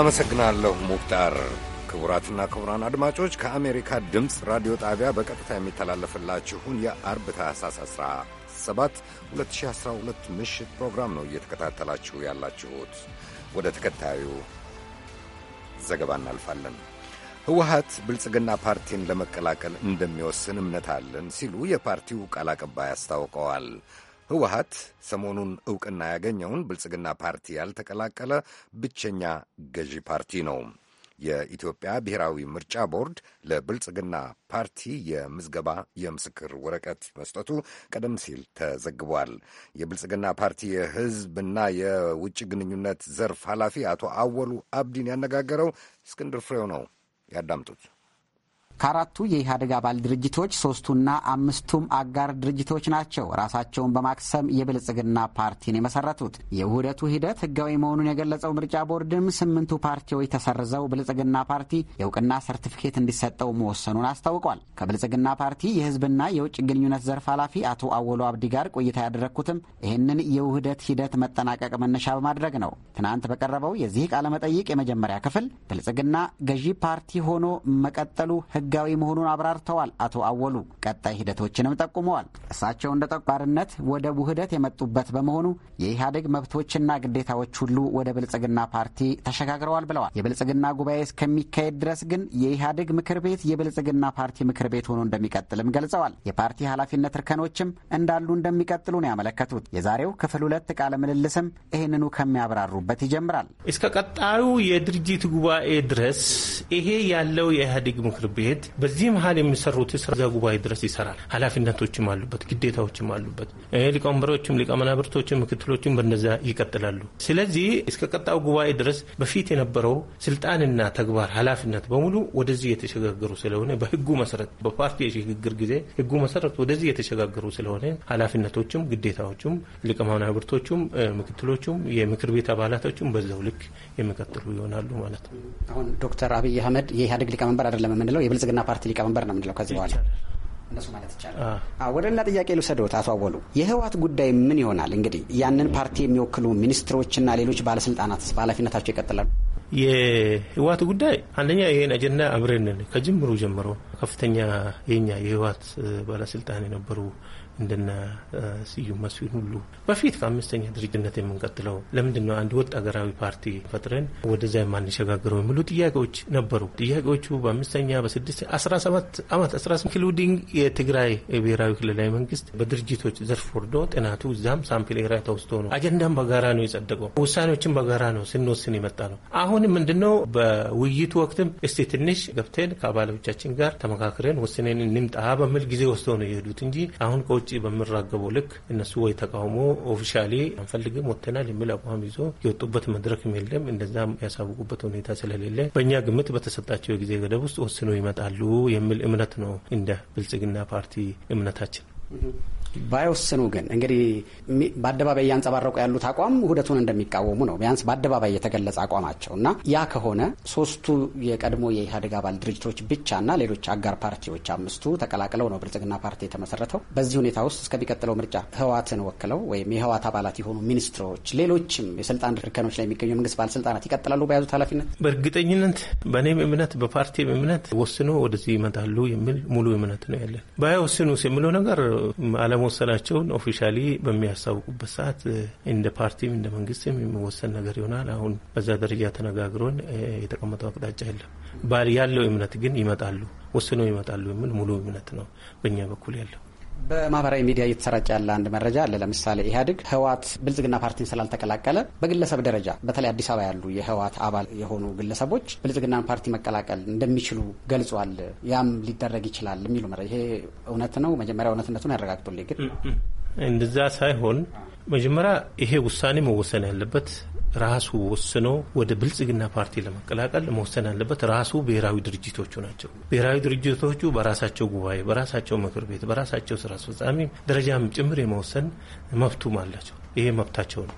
አመሰግናለሁ ሙክታር። ክቡራትና ክቡራን አድማጮች ከአሜሪካ ድምፅ ራዲዮ ጣቢያ በቀጥታ የሚተላለፍላችሁን የአርብ ታህሳስ 7 2012 ምሽት ፕሮግራም ነው እየተከታተላችሁ ያላችሁት። ወደ ተከታዩ ዘገባ እናልፋለን። ህወሀት ብልጽግና ፓርቲን ለመቀላቀል እንደሚወስን እምነት አለን ሲሉ የፓርቲው ቃል አቀባይ አስታውቀዋል። ህወሀት ሰሞኑን እውቅና ያገኘውን ብልጽግና ፓርቲ ያልተቀላቀለ ብቸኛ ገዢ ፓርቲ ነው። የኢትዮጵያ ብሔራዊ ምርጫ ቦርድ ለብልጽግና ፓርቲ የምዝገባ የምስክር ወረቀት መስጠቱ ቀደም ሲል ተዘግቧል። የብልጽግና ፓርቲ የሕዝብና የውጭ ግንኙነት ዘርፍ ኃላፊ አቶ አወሉ አብዲን ያነጋገረው እስክንድር ፍሬው ነው። ያዳምጡት። ከአራቱ የኢህአዴግ አባል ድርጅቶች ሶስቱና አምስቱም አጋር ድርጅቶች ናቸው ራሳቸውን በማክሰም የብልጽግና ፓርቲን የመሰረቱት። የውህደቱ ሂደት ህጋዊ መሆኑን የገለጸው ምርጫ ቦርድም ስምንቱ ፓርቲዎች ተሰርዘው ብልጽግና ፓርቲ የእውቅና ሰርቲፊኬት እንዲሰጠው መወሰኑን አስታውቋል። ከብልጽግና ፓርቲ የህዝብና የውጭ ግንኙነት ዘርፍ ኃላፊ አቶ አወሎ አብዲ ጋር ቆይታ ያደረግኩትም ይህንን የውህደት ሂደት መጠናቀቅ መነሻ በማድረግ ነው። ትናንት በቀረበው የዚህ ቃለመጠይቅ የመጀመሪያ ክፍል ብልጽግና ገዢ ፓርቲ ሆኖ መቀጠሉ ህጋዊ መሆኑን አብራርተዋል። አቶ አወሉ ቀጣይ ሂደቶችንም ጠቁመዋል። እሳቸው እንደ ጠቋርነት ወደ ውህደት የመጡበት በመሆኑ የኢህአዴግ መብቶችና ግዴታዎች ሁሉ ወደ ብልጽግና ፓርቲ ተሸጋግረዋል ብለዋል። የብልጽግና ጉባኤ እስከሚካሄድ ድረስ ግን የኢህአዴግ ምክር ቤት የብልጽግና ፓርቲ ምክር ቤት ሆኖ እንደሚቀጥልም ገልጸዋል። የፓርቲ ኃላፊነት እርከኖችም እንዳሉ እንደሚቀጥሉ ነው ያመለከቱት። የዛሬው ክፍል ሁለት ቃለ ምልልስም ይህንኑ ከሚያብራሩበት ይጀምራል። እስከ ቀጣዩ የድርጅት ጉባኤ ድረስ ይሄ ያለው የኢህአዴግ ምክር ቤት ሲሄድ በዚህ መሀል የሚሰሩት ስራ እዛ ጉባኤ ድረስ ይሰራል። ኃላፊነቶችም አሉበት፣ ግዴታዎችም አሉበት። ሊቀመንበሮችም፣ ሊቀመናብርቶችም፣ ምክትሎችም በነዛ ይቀጥላሉ። ስለዚህ እስከ ቀጣው ጉባኤ ድረስ በፊት የነበረው ስልጣንና ተግባር ኃላፊነት በሙሉ ወደዚህ የተሸጋገሩ ስለሆነ በህጉ መሰረት በፓርቲ የሽግግር ጊዜ ህጉ መሰረት ወደዚህ የተሸጋገሩ ስለሆነ ኃላፊነቶችም ግዴታዎችም ሊቀመናብርቶችም፣ ምክትሎቹም የምክር ቤት አባላቶችም በዛው ልክ የሚቀጥሉ ይሆናሉ ማለት ነው። አሁን ዶክተር አብይ አህመድ የኢህአዴግ ሊቀመንበር አይደለም የምንለው የብልጽግና ፓርቲ ሊቀመንበር ነው ምንለው ከዚህ በኋላ እነሱ ማለት ይቻላል። ወደ ሌላ ጥያቄ ልውሰዶት። አቶ አወሉ የህወሓት ጉዳይ ምን ይሆናል? እንግዲህ ያንን ፓርቲ የሚወክሉ ሚኒስትሮችና ሌሎች ባለስልጣናት በኃላፊነታቸው ይቀጥላሉ? የህወሓት ጉዳይ አንደኛ ይህን አጀንዳ አብረንን ከጅምሩ ጀምሮ ከፍተኛ የኛ የህወሓት ባለስልጣን የነበሩ እንደነ ስዩም መስፍን ሁሉ በፊት ከአምስተኛ ድርጅነት የምንቀጥለው ለምንድን ነው አንድ ወጥ ሀገራዊ ፓርቲ ፈጥረን ወደዛ የማንሸጋግረው የሚሉ ጥያቄዎች ነበሩ። ጥያቄዎቹ በአምስተኛ በስድስት አስራ ሰባት አመት አስራ ኢንክሉዲንግ የትግራይ ብሔራዊ ክልላዊ መንግስት በድርጅቶች ዘርፍ ወርዶ ጥናቱ እዛም ሳምፕል ኤሪያ ተወስዶ ነው። አጀንዳም በጋራ ነው የጸደቀው። ውሳኔዎችን በጋራ ነው ስንወስን የመጣ ነው። አሁንም ምንድነው በውይይቱ ወቅትም እስቲ ትንሽ ገብተን ከአባሎቻችን ጋር ተመካክረን ወስነን እንምጣ በሚል ጊዜ ወስዶ ነው የሄዱት እንጂ አሁን ከውጭ በምራገበው ልክ እነሱ ወይ ተቃውሞ ኦፊሻሌ አንፈልግም ወጥተናል የሚል አቋም ይዞ የወጡበት መድረክም የለም። እንደዛ ያሳውቁበት ሁኔታ ስለሌለ በእኛ ግምት በተሰጣቸው የጊዜ ገደብ ውስጥ ወስነው ይመጣሉ የሚል እምነት ነው እንደ ብልጽግና ፓርቲ እምነታችን። ባይወስኑ ግን እንግዲህ በአደባባይ እያንጸባረቁ ያሉት አቋም ውህደቱን እንደሚቃወሙ ነው። ቢያንስ በአደባባይ የተገለጸ አቋማቸው እና ያ ከሆነ ሶስቱ የቀድሞ የኢህአዴግ አባል ድርጅቶች ብቻና ሌሎች አጋር ፓርቲዎች አምስቱ ተቀላቅለው ነው ብልጽግና ፓርቲ የተመሰረተው። በዚህ ሁኔታ ውስጥ እስከሚቀጥለው ምርጫ ህዋትን ወክለው ወይም የህዋት አባላት የሆኑ ሚኒስትሮች፣ ሌሎችም የስልጣን እርከኖች ላይ የሚገኙ የመንግስት ባለስልጣናት ይቀጥላሉ በያዙት ኃላፊነት። በእርግጠኝነት በእኔም እምነት በፓርቲም እምነት ወስኖ ወደዚህ ይመጣሉ የሚል ሙሉ እምነት ነው ያለን። ባይወስኑስ የሚለው ነገር አለም መወሰናቸውን ኦፊሻሊ በሚያስታውቁበት ሰዓት እንደ ፓርቲም እንደ መንግስትም የሚወሰን ነገር ይሆናል። አሁን በዛ ደረጃ ተነጋግሮን የተቀመጠው አቅጣጫ የለም። ያለው እምነት ግን ይመጣሉ፣ ወስነው ይመጣሉ የሚል ሙሉ እምነት ነው በእኛ በኩል ያለው። በማህበራዊ ሚዲያ እየተሰራጨ ያለ አንድ መረጃ አለ። ለምሳሌ ኢህአዴግ ህወሓት ብልጽግና ፓርቲን ስላልተቀላቀለ በግለሰብ ደረጃ በተለይ አዲስ አበባ ያሉ የህወሓት አባል የሆኑ ግለሰቦች ብልጽግናን ፓርቲ መቀላቀል እንደሚችሉ ገልጿል። ያም ሊደረግ ይችላል የሚሉ መረጃ ይሄ እውነት ነው? መጀመሪያ እውነትነቱን ያረጋግጡልኝ። ግን እንደዛ ሳይሆን መጀመሪያ ይሄ ውሳኔ መወሰን ያለበት ራሱ ወስኖ ወደ ብልጽግና ፓርቲ ለመቀላቀል መወሰን አለበት። ራሱ ብሔራዊ ድርጅቶቹ ናቸው። ብሔራዊ ድርጅቶቹ በራሳቸው ጉባኤ፣ በራሳቸው ምክር ቤት፣ በራሳቸው ስራ አስፈጻሚ ደረጃም ጭምር የመወሰን መብቱም አላቸው። ይሄ መብታቸው ነው።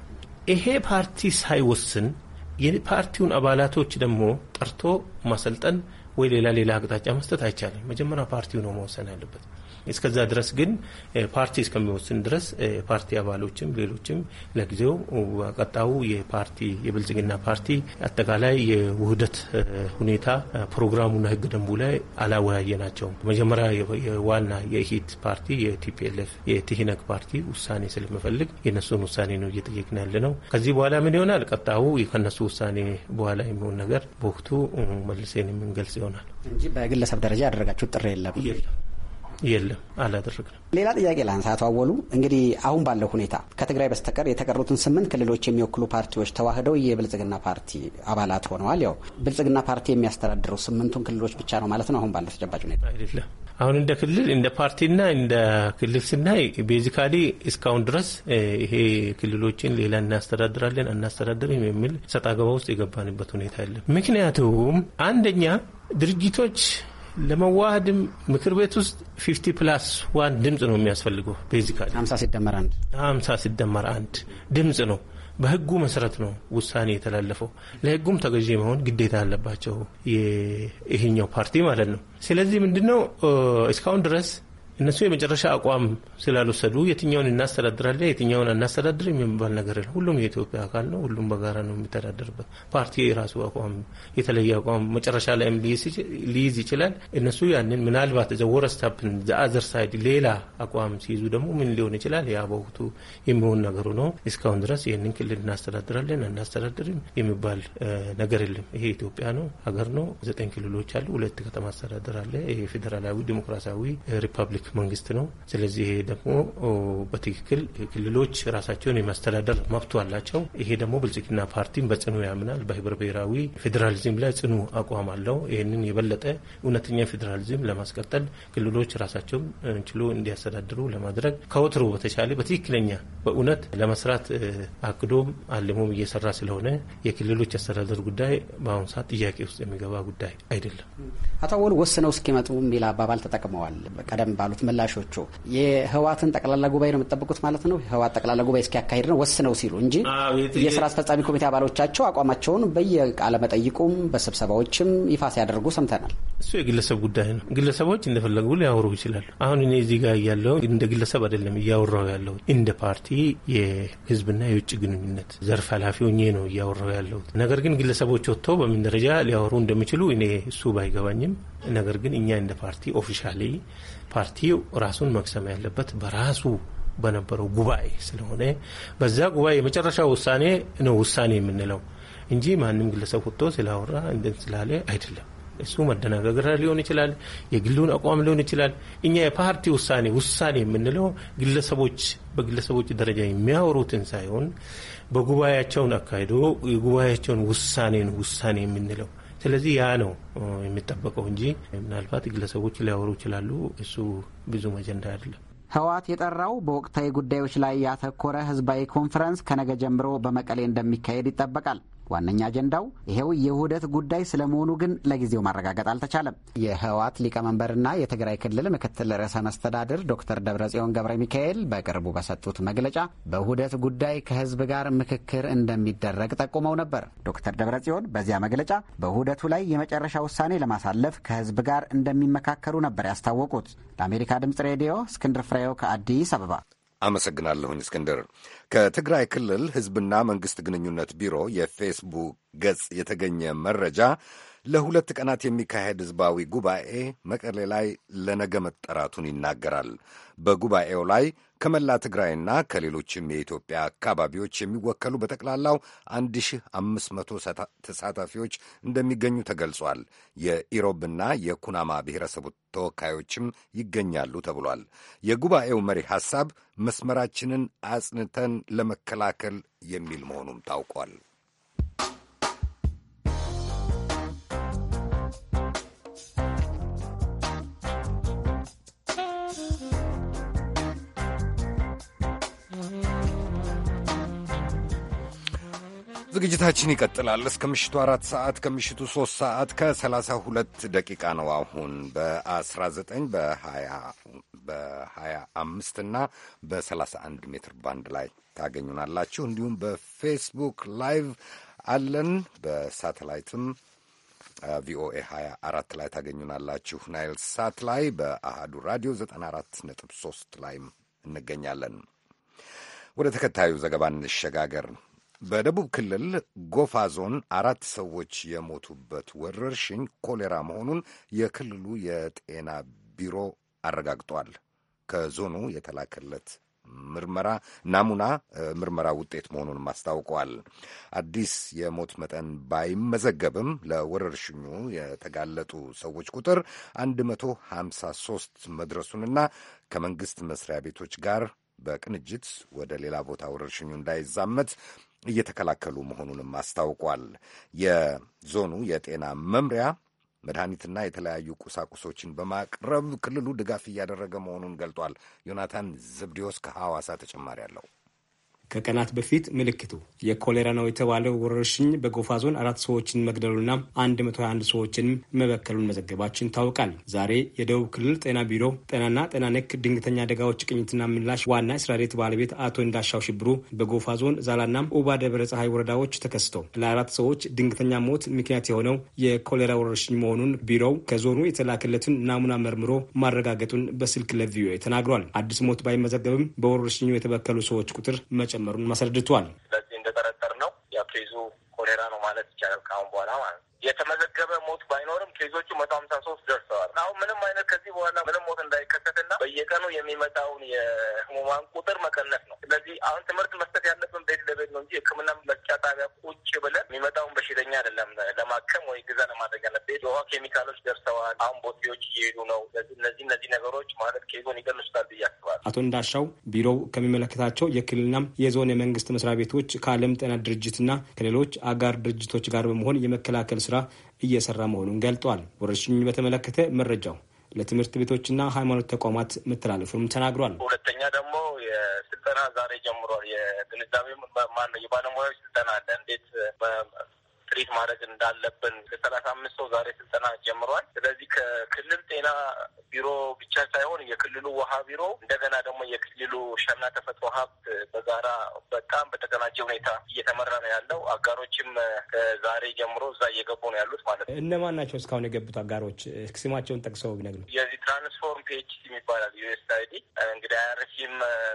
ይሄ ፓርቲ ሳይወስን የፓርቲውን አባላቶች ደግሞ ጠርቶ ማሰልጠን ወይ ሌላ ሌላ አቅጣጫ መስጠት አይቻልም። መጀመሪያ ፓርቲው ነው መወሰን ያለበት። እስከዛ ድረስ ግን ፓርቲ እስከሚወስን ድረስ ፓርቲ አባሎችም ሌሎችም ለጊዜው ቀጣው የፓርቲ የብልጽግና ፓርቲ አጠቃላይ የውህደት ሁኔታ ፕሮግራሙና ህግ ደንቡ ላይ አላወያየ ናቸውም። መጀመሪያ የዋና የሂት ፓርቲ የቲፒኤልኤፍ የቲህነግ ፓርቲ ውሳኔ ስለሚፈልግ የነሱን ውሳኔ ነው እየጠየቅን ያለ ነው። ከዚህ በኋላ ምን ይሆናል? ቀጣው ከነሱ ውሳኔ በኋላ የሚሆን ነገር በወቅቱ መልሴን የምንገልጽ ይሆናል እንጂ በግለሰብ ደረጃ ያደረጋችሁት ጥሪ የለም። የለም አላደረግንም። ሌላ ጥያቄ ላንሳ። አቶ አወሉ እንግዲህ አሁን ባለው ሁኔታ ከትግራይ በስተቀር የተቀሩትን ስምንት ክልሎች የሚወክሉ ፓርቲዎች ተዋህደው የብልጽግና ፓርቲ አባላት ሆነዋል። ያው ብልጽግና ፓርቲ የሚያስተዳድረው ስምንቱን ክልሎች ብቻ ነው ማለት ነው። አሁን ባለው ተጨባጭ ሁኔታ አይደለም። አሁን እንደ ክልል እንደ ፓርቲና እንደ ክልል ስናይ ቤዚካሊ እስካሁን ድረስ ይሄ ክልሎችን ሌላ እናስተዳድራለን አናስተዳድርም የሚል ሰጣ ገባ ውስጥ የገባንበት ሁኔታ የለም። ምክንያቱም አንደኛ ድርጅቶች ለመዋሃድም ምክር ቤት ውስጥ ፊፍቲ ፕላስ ዋን ድምፅ ነው የሚያስፈልገው። ቤዚካ ሀምሳ ሲደመር አንድ ሀምሳ ሲደመር አንድ ድምፅ ነው። በህጉ መሰረት ነው ውሳኔ የተላለፈው። ለህጉም ተገዢ መሆን ግዴታ አለባቸው ይሄኛው ፓርቲ ማለት ነው። ስለዚህ ምንድነው እስካሁን ድረስ እነሱ የመጨረሻ አቋም ስላልወሰዱ የትኛውን እናስተዳድራለን የትኛውን አናስተዳድርም የሚባል ነገር የለም። ሁሉም የኢትዮጵያ አካል ነው። ሁሉም በጋራ ነው የሚተዳደርበት። ፓርቲ የራሱ አቋም የተለየ አቋም መጨረሻ ላይም ሊይዝ ይችላል። እነሱ ያንን ምናልባት ዘወር ስታፕን ዘአዘር ሳይድ ሌላ አቋም ሲይዙ ደግሞ ምን ሊሆን ይችላል? ያ በወቅቱ የሚሆን ነገሩ ነው። እስካሁን ድረስ ይህንን ክልል እናስተዳድራለን አናስተዳድርም የሚባል ነገር የለም። ይሄ ኢትዮጵያ ነው፣ ሀገር ነው። ዘጠኝ ክልሎች አሉ። ሁለት ከተማ አስተዳደር አለ። ይሄ ፌዴራላዊ ዲሞክራሲያዊ ሪፐብሊክ የሚጠይቅ መንግስት ነው። ስለዚህ ይሄ ደግሞ በትክክል ክልሎች ራሳቸውን የማስተዳደር መብቱ አላቸው። ይሄ ደግሞ ብልጽግና ፓርቲም በጽኑ ያምናል። በህብረ ብሔራዊ ፌዴራሊዝም ላይ ጽኑ አቋም አለው። ይህንን የበለጠ እውነተኛ ፌዴራሊዝም ለማስቀጠል ክልሎች ራሳቸውን ችሎ እንዲያስተዳድሩ ለማድረግ ከወትሮ በተቻለ በትክክለኛ በእውነት ለመስራት አቅዶም አልሞም እየሰራ ስለሆነ የክልሎች አስተዳደር ጉዳይ በአሁኑ ሰዓት ጥያቄ ውስጥ የሚገባ ጉዳይ አይደለም። አቶ አወሉ ወስነው እስኪመጡ የሚል አባባል ተጠቅመዋል። ቀደም ባሉ የሚባሉት ምላሾቹ የህዋትን ጠቅላላ ጉባኤ ነው የምጠብቁት ማለት ነው። ህዋት ጠቅላላ ጉባኤ እስኪያካሄድ ነው ወስነው ሲሉ እንጂ የስራ አስፈጻሚ ኮሚቴ አባሎቻቸው አቋማቸውን በየቃለ መጠይቁም በስብሰባዎችም ይፋ ሲያደርጉ ሰምተናል። እሱ የግለሰብ ጉዳይ ነው። ግለሰቦች እንደፈለጉ ሊያወሩ ይችላሉ። አሁን እኔ እዚህ ጋር እያለው እንደ ግለሰብ አይደለም እያወራው ያለው እንደ ፓርቲ የህዝብና የውጭ ግንኙነት ዘርፍ ኃላፊ ሆኜ ነው እያወራው ያለሁት። ነገር ግን ግለሰቦች ወጥተው በምን ደረጃ ሊያወሩ እንደሚችሉ እኔ እሱ ባይገባኝም ነገር ግን እኛ እንደ ፓርቲ ኦፊሻሊ ፓርቲው ራሱን መክሰም ያለበት በራሱ በነበረው ጉባኤ ስለሆነ በዛ ጉባኤ የመጨረሻ ውሳኔ ነው ውሳኔ የምንለው እንጂ ማንም ግለሰብ ወጥቶ ስላወራ እንደን ስላለ አይደለም። እሱ መደናገግር ሊሆን ይችላል፣ የግሉን አቋም ሊሆን ይችላል። እኛ የፓርቲ ውሳኔ ውሳኔ የምንለው ግለሰቦች በግለሰቦች ደረጃ የሚያወሩትን ሳይሆን በጉባኤያቸውን አካሂዶ የጉባኤያቸውን ውሳኔን ውሳኔ የምንለው ስለዚህ ያ ነው የሚጠበቀው እንጂ ምናልባት ግለሰቦች ሊያወሩ ይችላሉ። እሱ ብዙም አጀንዳ አይደለም። ህወሓት የጠራው በወቅታዊ ጉዳዮች ላይ ያተኮረ ህዝባዊ ኮንፈረንስ ከነገ ጀምሮ በመቀሌ እንደሚካሄድ ይጠበቃል። ዋነኛ አጀንዳው ይሄው የውህደት ጉዳይ ስለመሆኑ ግን ለጊዜው ማረጋገጥ አልተቻለም። የህወሓት ሊቀመንበርና የትግራይ ክልል ምክትል ርዕሰ መስተዳድር ዶክተር ደብረጽዮን ገብረ ሚካኤል በቅርቡ በሰጡት መግለጫ በውህደት ጉዳይ ከህዝብ ጋር ምክክር እንደሚደረግ ጠቁመው ነበር። ዶክተር ደብረጽዮን በዚያ መግለጫ በውህደቱ ላይ የመጨረሻ ውሳኔ ለማሳለፍ ከህዝብ ጋር እንደሚመካከሩ ነበር ያስታወቁት። ለአሜሪካ ድምጽ ሬዲዮ እስክንድር ፍሬው ከአዲስ አበባ አመሰግናለሁኝ እስክንድር። ከትግራይ ክልል ሕዝብና መንግሥት ግንኙነት ቢሮ የፌስቡክ ገጽ የተገኘ መረጃ ለሁለት ቀናት የሚካሄድ ሕዝባዊ ጉባኤ መቀሌ ላይ ለነገ መጠራቱን ይናገራል። በጉባኤው ላይ ከመላ ትግራይና ከሌሎችም የኢትዮጵያ አካባቢዎች የሚወከሉ በጠቅላላው 1500 ተሳታፊዎች እንደሚገኙ ተገልጿል። የኢሮብና የኩናማ ብሔረሰቡ ተወካዮችም ይገኛሉ ተብሏል። የጉባኤው መሪ ሐሳብ መስመራችንን አጽንተን ለመከላከል የሚል መሆኑም ታውቋል። ዝግጅታችን ይቀጥላል እስከ ምሽቱ አራት ሰዓት ከምሽቱ ሶስት ሰዓት ከ 3 ሁለት ደቂቃ ነው። አሁን በ19 በ25 እና በ31 ሜትር ባንድ ላይ ታገኙናላችሁ። እንዲሁም በፌስቡክ ላይቭ አለን። በሳተላይትም ቪኦኤ 24 ላይ ታገኙናላችሁ። ናይል ሳት ላይ በአሃዱ ራዲዮ 94.3 ላይም እንገኛለን። ወደ ተከታዩ ዘገባ እንሸጋገር። በደቡብ ክልል ጎፋ ዞን አራት ሰዎች የሞቱበት ወረርሽኝ ኮሌራ መሆኑን የክልሉ የጤና ቢሮ አረጋግጧል። ከዞኑ የተላከለት ምርመራ ናሙና ምርመራ ውጤት መሆኑንም አስታውቀዋል። አዲስ የሞት መጠን ባይመዘገብም ለወረርሽኙ የተጋለጡ ሰዎች ቁጥር 153 መድረሱንና ከመንግሥት መስሪያ ቤቶች ጋር በቅንጅት ወደ ሌላ ቦታ ወረርሽኙ እንዳይዛመት እየተከላከሉ መሆኑንም አስታውቋል። የዞኑ የጤና መምሪያ መድኃኒትና የተለያዩ ቁሳቁሶችን በማቅረብ ክልሉ ድጋፍ እያደረገ መሆኑን ገልጧል። ዮናታን ዘብዲዎስ ከሐዋሳ ተጨማሪ አለው። ከቀናት በፊት ምልክቱ የኮሌራ ነው የተባለው ወረርሽኝ በጎፋ ዞን አራት ሰዎችን መግደሉና 121 ሰዎችን መበከሉን መዘገባችን ይታወቃል። ዛሬ የደቡብ ክልል ጤና ቢሮ ጤናና ጤና ነክ ድንገተኛ አደጋዎች ቅኝትና ምላሽ ዋና የስራ ቤት ባለቤት አቶ እንዳሻው ሽብሩ በጎፋ ዞን ዛላና ኡባ ደብረ ፀሐይ ወረዳዎች ተከስቶ ለአራት ሰዎች ድንገተኛ ሞት ምክንያት የሆነው የኮሌራ ወረርሽኝ መሆኑን ቢሮው ከዞኑ የተላከለትን ናሙና መርምሮ ማረጋገጡን በስልክ ለቪዮኤ ተናግሯል። አዲስ ሞት ባይመዘገብም በወረርሽኙ የተበከሉ ሰዎች ቁጥር መጨመ መጀመሩን አስረድቷል። ማለት ይቻላል ከአሁን በኋላ ማለት ነው። የተመዘገበ ሞት ባይኖርም ኬዞቹ መቶ ሀምሳ ሶስት ደርሰዋል። አሁን ምንም አይነት ከዚህ በኋላ ምንም ሞት እንዳይከሰትና በየቀኑ የሚመጣውን የህሙማን ቁጥር መቀነስ ነው። ስለዚህ አሁን ትምህርት መስጠት ያለብን ቤት ለቤት ነው እንጂ ሕክምና መስጫ ጣቢያ ቁጭ ብለን የሚመጣውን በሽተኛ አይደለም ለማከም ወይ ግዛ ለማድረግ ያለ የውሃ ኬሚካሎች ደርሰዋል። አሁን ቦቴዎች እየሄዱ ነው። እነዚህ እነዚህ ነገሮች ማለት ኬዞን ይቀንሱታል ብዬ አስባለሁ። አቶ እንዳሻው ቢሮው ከሚመለከታቸው የክልልና የዞን የመንግስት መስሪያ ቤቶች ከዓለም ጤና ድርጅትና ከሌሎች አጋር ድርጅቶች ድርጅቶች ጋር በመሆን የመከላከል ስራ እየሰራ መሆኑን ገልጧል። ወረርሽኙን በተመለከተ መረጃው ለትምህርት ቤቶችና ሃይማኖት ተቋማት መተላለፉንም ተናግሯል። ሁለተኛ ደግሞ የስልጠና ዛሬ ጀምሯል። የግንዛቤ የባለሙያዎች ስልጠና አለ እንዴት ትሪት ማድረግ እንዳለብን ከሰላሳ አምስት ሰው ዛሬ ስልጠና ጀምሯል። ስለዚህ ከክልል ጤና ቢሮ ብቻ ሳይሆን የክልሉ ውሃ ቢሮ እንደገና ደግሞ የክልሉ ሸና ተፈጥሮ ሀብት በጋራ በጣም በተቀናጀ ሁኔታ እየተመራ ነው ያለው። አጋሮችም ከዛሬ ጀምሮ እዛ እየገቡ ነው ያሉት ማለት ነው። እነማን ናቸው እስካሁን የገቡት አጋሮች? ስማቸውን ጠቅሰው ቢነግሩ። የዚህ ትራንስፎርም ፒኤችሲ የሚባላል ዩኤስአይዲ እንግዲህ አያርሲም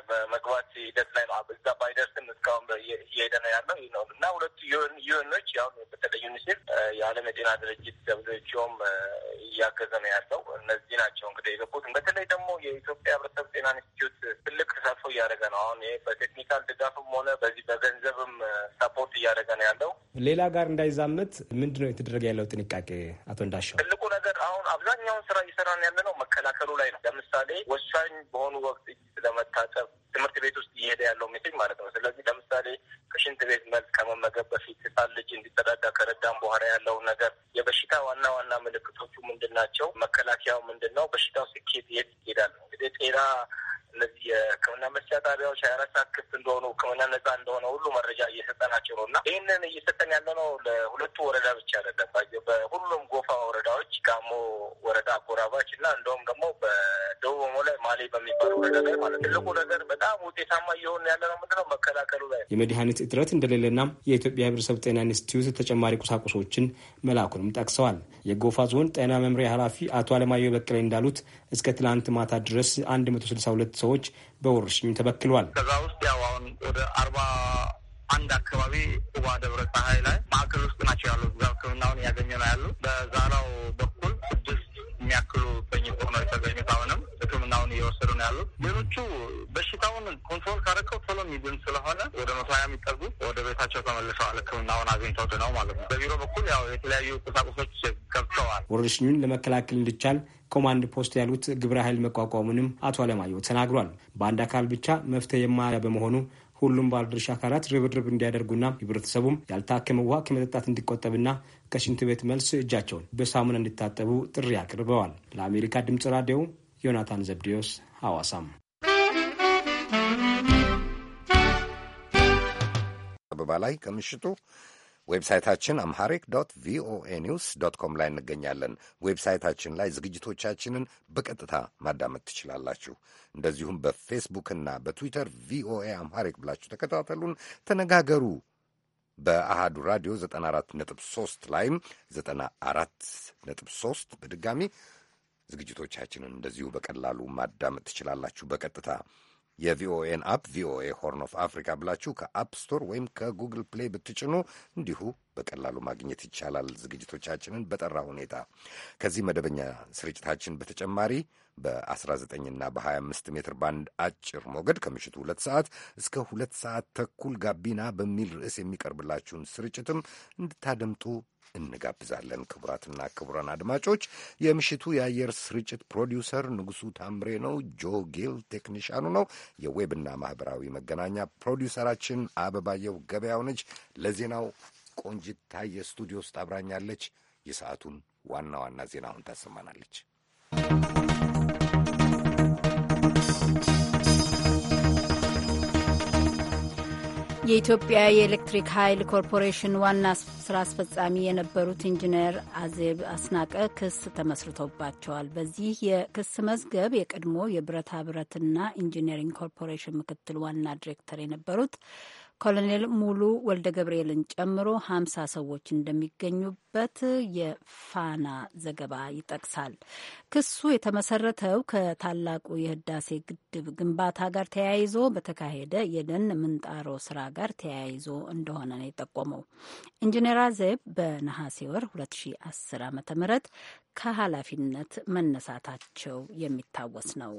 በመግባት ሂደት ላይ ነው። እዛ ባይደርስም እስካሁን እየሄደ ነው ያለው እና ሁለቱ ዩኖች ያሁን በተለይ ዩኒሴፍ የዓለም የጤና ድርጅት ደብሊውኤችኦም እያገዘ ነው ያለው። እነዚህ ናቸው እንግዲህ የገቡት። በተለይ ደግሞ የኢትዮጵያ ህብረተሰብ ጤና ኢንስቲትዩት ትልቅ ተሳትፎ እያደረገ ነው። አሁን ይሄ በቴክኒካል ድጋፍም ሆነ በዚህ በገንዘብም ሰፖርት እያደረገ ነው ያለው። ሌላ ጋር እንዳይዛመት ምንድን ነው የተደረገ ያለው ጥንቃቄ? አቶ እንዳሻው ትልቁ ነገር አሁን አብዛኛውን ስራ እየሰራን ያለ ነው መከላከሉ ላይ ነው። ለምሳሌ ወሳኝ በሆኑ ወቅት ለመታጠብ ትምህርት ቤት ውስጥ እየሄደ ያለው ሜሴጅ ማለት ነው። ስለዚህ ለምሳሌ ከሽንት ቤት መልስ ከመመገብ በፊት ህጻን ልጅ እንዲጠ እንድንረዳ ከረዳም በኋላ ያለውን ነገር የበሽታ ዋና ዋና ምልክቶቹ ምንድን ናቸው፣ መከላከያው ምንድን ነው፣ በሽታው ስኬት የት ይሄዳል። እንግዲህ ጤና እነዚህ የሕክምና መስጫ ጣቢያዎች ሀያ አራት ሰዓት ክፍት እንደሆኑ ሕክምና ነጻ እንደሆነ ሁሉ መረጃ እየሰጠናቸው ነው እና ይህንን እየሰጠን ያለ ነው ለሁለቱ ወረዳ ብቻ አይደለም። በሁሉም ጎፋ ወረዳዎች፣ ጋሞ ወረዳ አጎራባች እና እንደውም ደግሞ በደቡብ ሞ ላይ ማሌ በሚባል ወረዳ ላይ ማለት ትልቁ ነገር በጣም ውጤታማ እየሆን ያለ ነው ምንድነው መከላከሉ ላይ የመድኃኒት እጥረት እንደሌለና የኢትዮጵያ ሕብረተሰብ ጤና ኢንስቲትዩት ተጨማሪ ቁሳቁሶችን መላኩንም ጠቅሰዋል። የጎፋ ዞን ጤና መምሪያ ኃላፊ አቶ አለማየሁ በቀለ እንዳሉት እስከ ትላንት ማታ ድረስ 162 ሰዎች በወረርሽኙ ተበክሏል። ከዛ ውስጥ ያው አሁን ወደ አርባ አንድ አካባቢ ቁባ ደብረ ፀሐይ ላይ ማዕከል ውስጥ ናቸው ያሉ እዛ ሕክምናውን እያገኘ ነው ያሉ። በዛራው በኩል ስድስት የሚያክሉ ተኝተው ነው የተገኙት። አሁንም ሕክምናውን እየወሰዱ ነው ያሉት። ሌሎቹ በሽታውን ኮንትሮል ካረከው ቶሎ የሚድን ስለሆነ ወደ መቶ ሀያ የሚጠጉ ወደ ቤታቸው ተመልሰዋል። ሕክምናውን አግኝተው ነው ማለት ነው። በቢሮ በኩል ያው የተለያዩ ቁሳቁሶች ገብተዋል። ወረርሽኙን ለመከላከል እንዲቻል ኮማንድ ፖስት ያሉት ግብረ ኃይል መቋቋሙንም አቶ አለማየሁ ተናግሯል። በአንድ አካል ብቻ መፍትሄ የማያ በመሆኑ ሁሉም ባለድርሻ አካላት ርብርብ እንዲያደርጉና ህብረተሰቡም ያልታከመ ውሃ ከመጠጣት እንዲቆጠብና ከሽንት ቤት መልስ እጃቸውን በሳሙና እንዲታጠቡ ጥሪ አቅርበዋል። ለአሜሪካ ድምጽ ራዲዮ ዮናታን ዘብዴዎስ ሐዋሳም አበባ ላይ ከምሽቱ ዌብሳይታችን አምሃሪክ ዶት ቪኦኤ ኒውስ ዶት ኮም ላይ እንገኛለን። ዌብሳይታችን ላይ ዝግጅቶቻችንን በቀጥታ ማዳመጥ ትችላላችሁ። እንደዚሁም በፌስቡክና በትዊተር ቪኦኤ አምሃሪክ ብላችሁ ተከታተሉን፣ ተነጋገሩ። በአሃዱ ራዲዮ 94.3 ላይም 94.3 በድጋሚ ዝግጅቶቻችንን እንደዚሁ በቀላሉ ማዳመጥ ትችላላችሁ በቀጥታ የቪኦኤን አፕ ቪኦኤ ሆርን ኦፍ አፍሪካ ብላችሁ ከአፕ ስቶር ወይም ከጉግል ፕሌይ ብትጭኑ እንዲሁ በቀላሉ ማግኘት ይቻላል። ዝግጅቶቻችንን በጠራ ሁኔታ ከዚህ መደበኛ ስርጭታችን በተጨማሪ በ19ና በ25 ሜትር ባንድ አጭር ሞገድ ከምሽቱ ሁለት ሰዓት እስከ ሁለት ሰዓት ተኩል ጋቢና በሚል ርዕስ የሚቀርብላችሁን ስርጭትም እንድታደምጡ እንጋብዛለን። ክቡራትና ክቡራን አድማጮች የምሽቱ የአየር ስርጭት ፕሮዲውሰር ንጉሱ ታምሬ ነው። ጆ ጌል ቴክኒሻኑ ነው። የዌብና ማህበራዊ መገናኛ ፕሮዲውሰራችን አበባየው ገበያው ነች። ለዜናው ቆንጂት ታየ ስቱዲዮ ውስጥ አብራኛለች። የሰዓቱን ዋና ዋና ዜናውን ታሰማናለች። የኢትዮጵያ የኤሌክትሪክ ኃይል ኮርፖሬሽን ዋና ስራ አስፈጻሚ የነበሩት ኢንጂነር አዜብ አስናቀ ክስ ተመስርቶባቸዋል። በዚህ የክስ መዝገብ የቀድሞ የብረታ ብረትና ኢንጂነሪንግ ኮርፖሬሽን ምክትል ዋና ዲሬክተር የነበሩት ኮሎኔል ሙሉ ወልደ ገብርኤልን ጨምሮ ሀምሳ ሰዎች እንደሚገኙበት የፋና ዘገባ ይጠቅሳል። ክሱ የተመሰረተው ከታላቁ የህዳሴ ግድብ ግንባታ ጋር ተያይዞ በተካሄደ የደን ምንጣሮ ስራ ጋር ተያይዞ እንደሆነ ነው የጠቆመው። ኢንጂነር አዜብ በነሐሴ ወር 2010 ዓ ም ከኃላፊነት መነሳታቸው የሚታወስ ነው።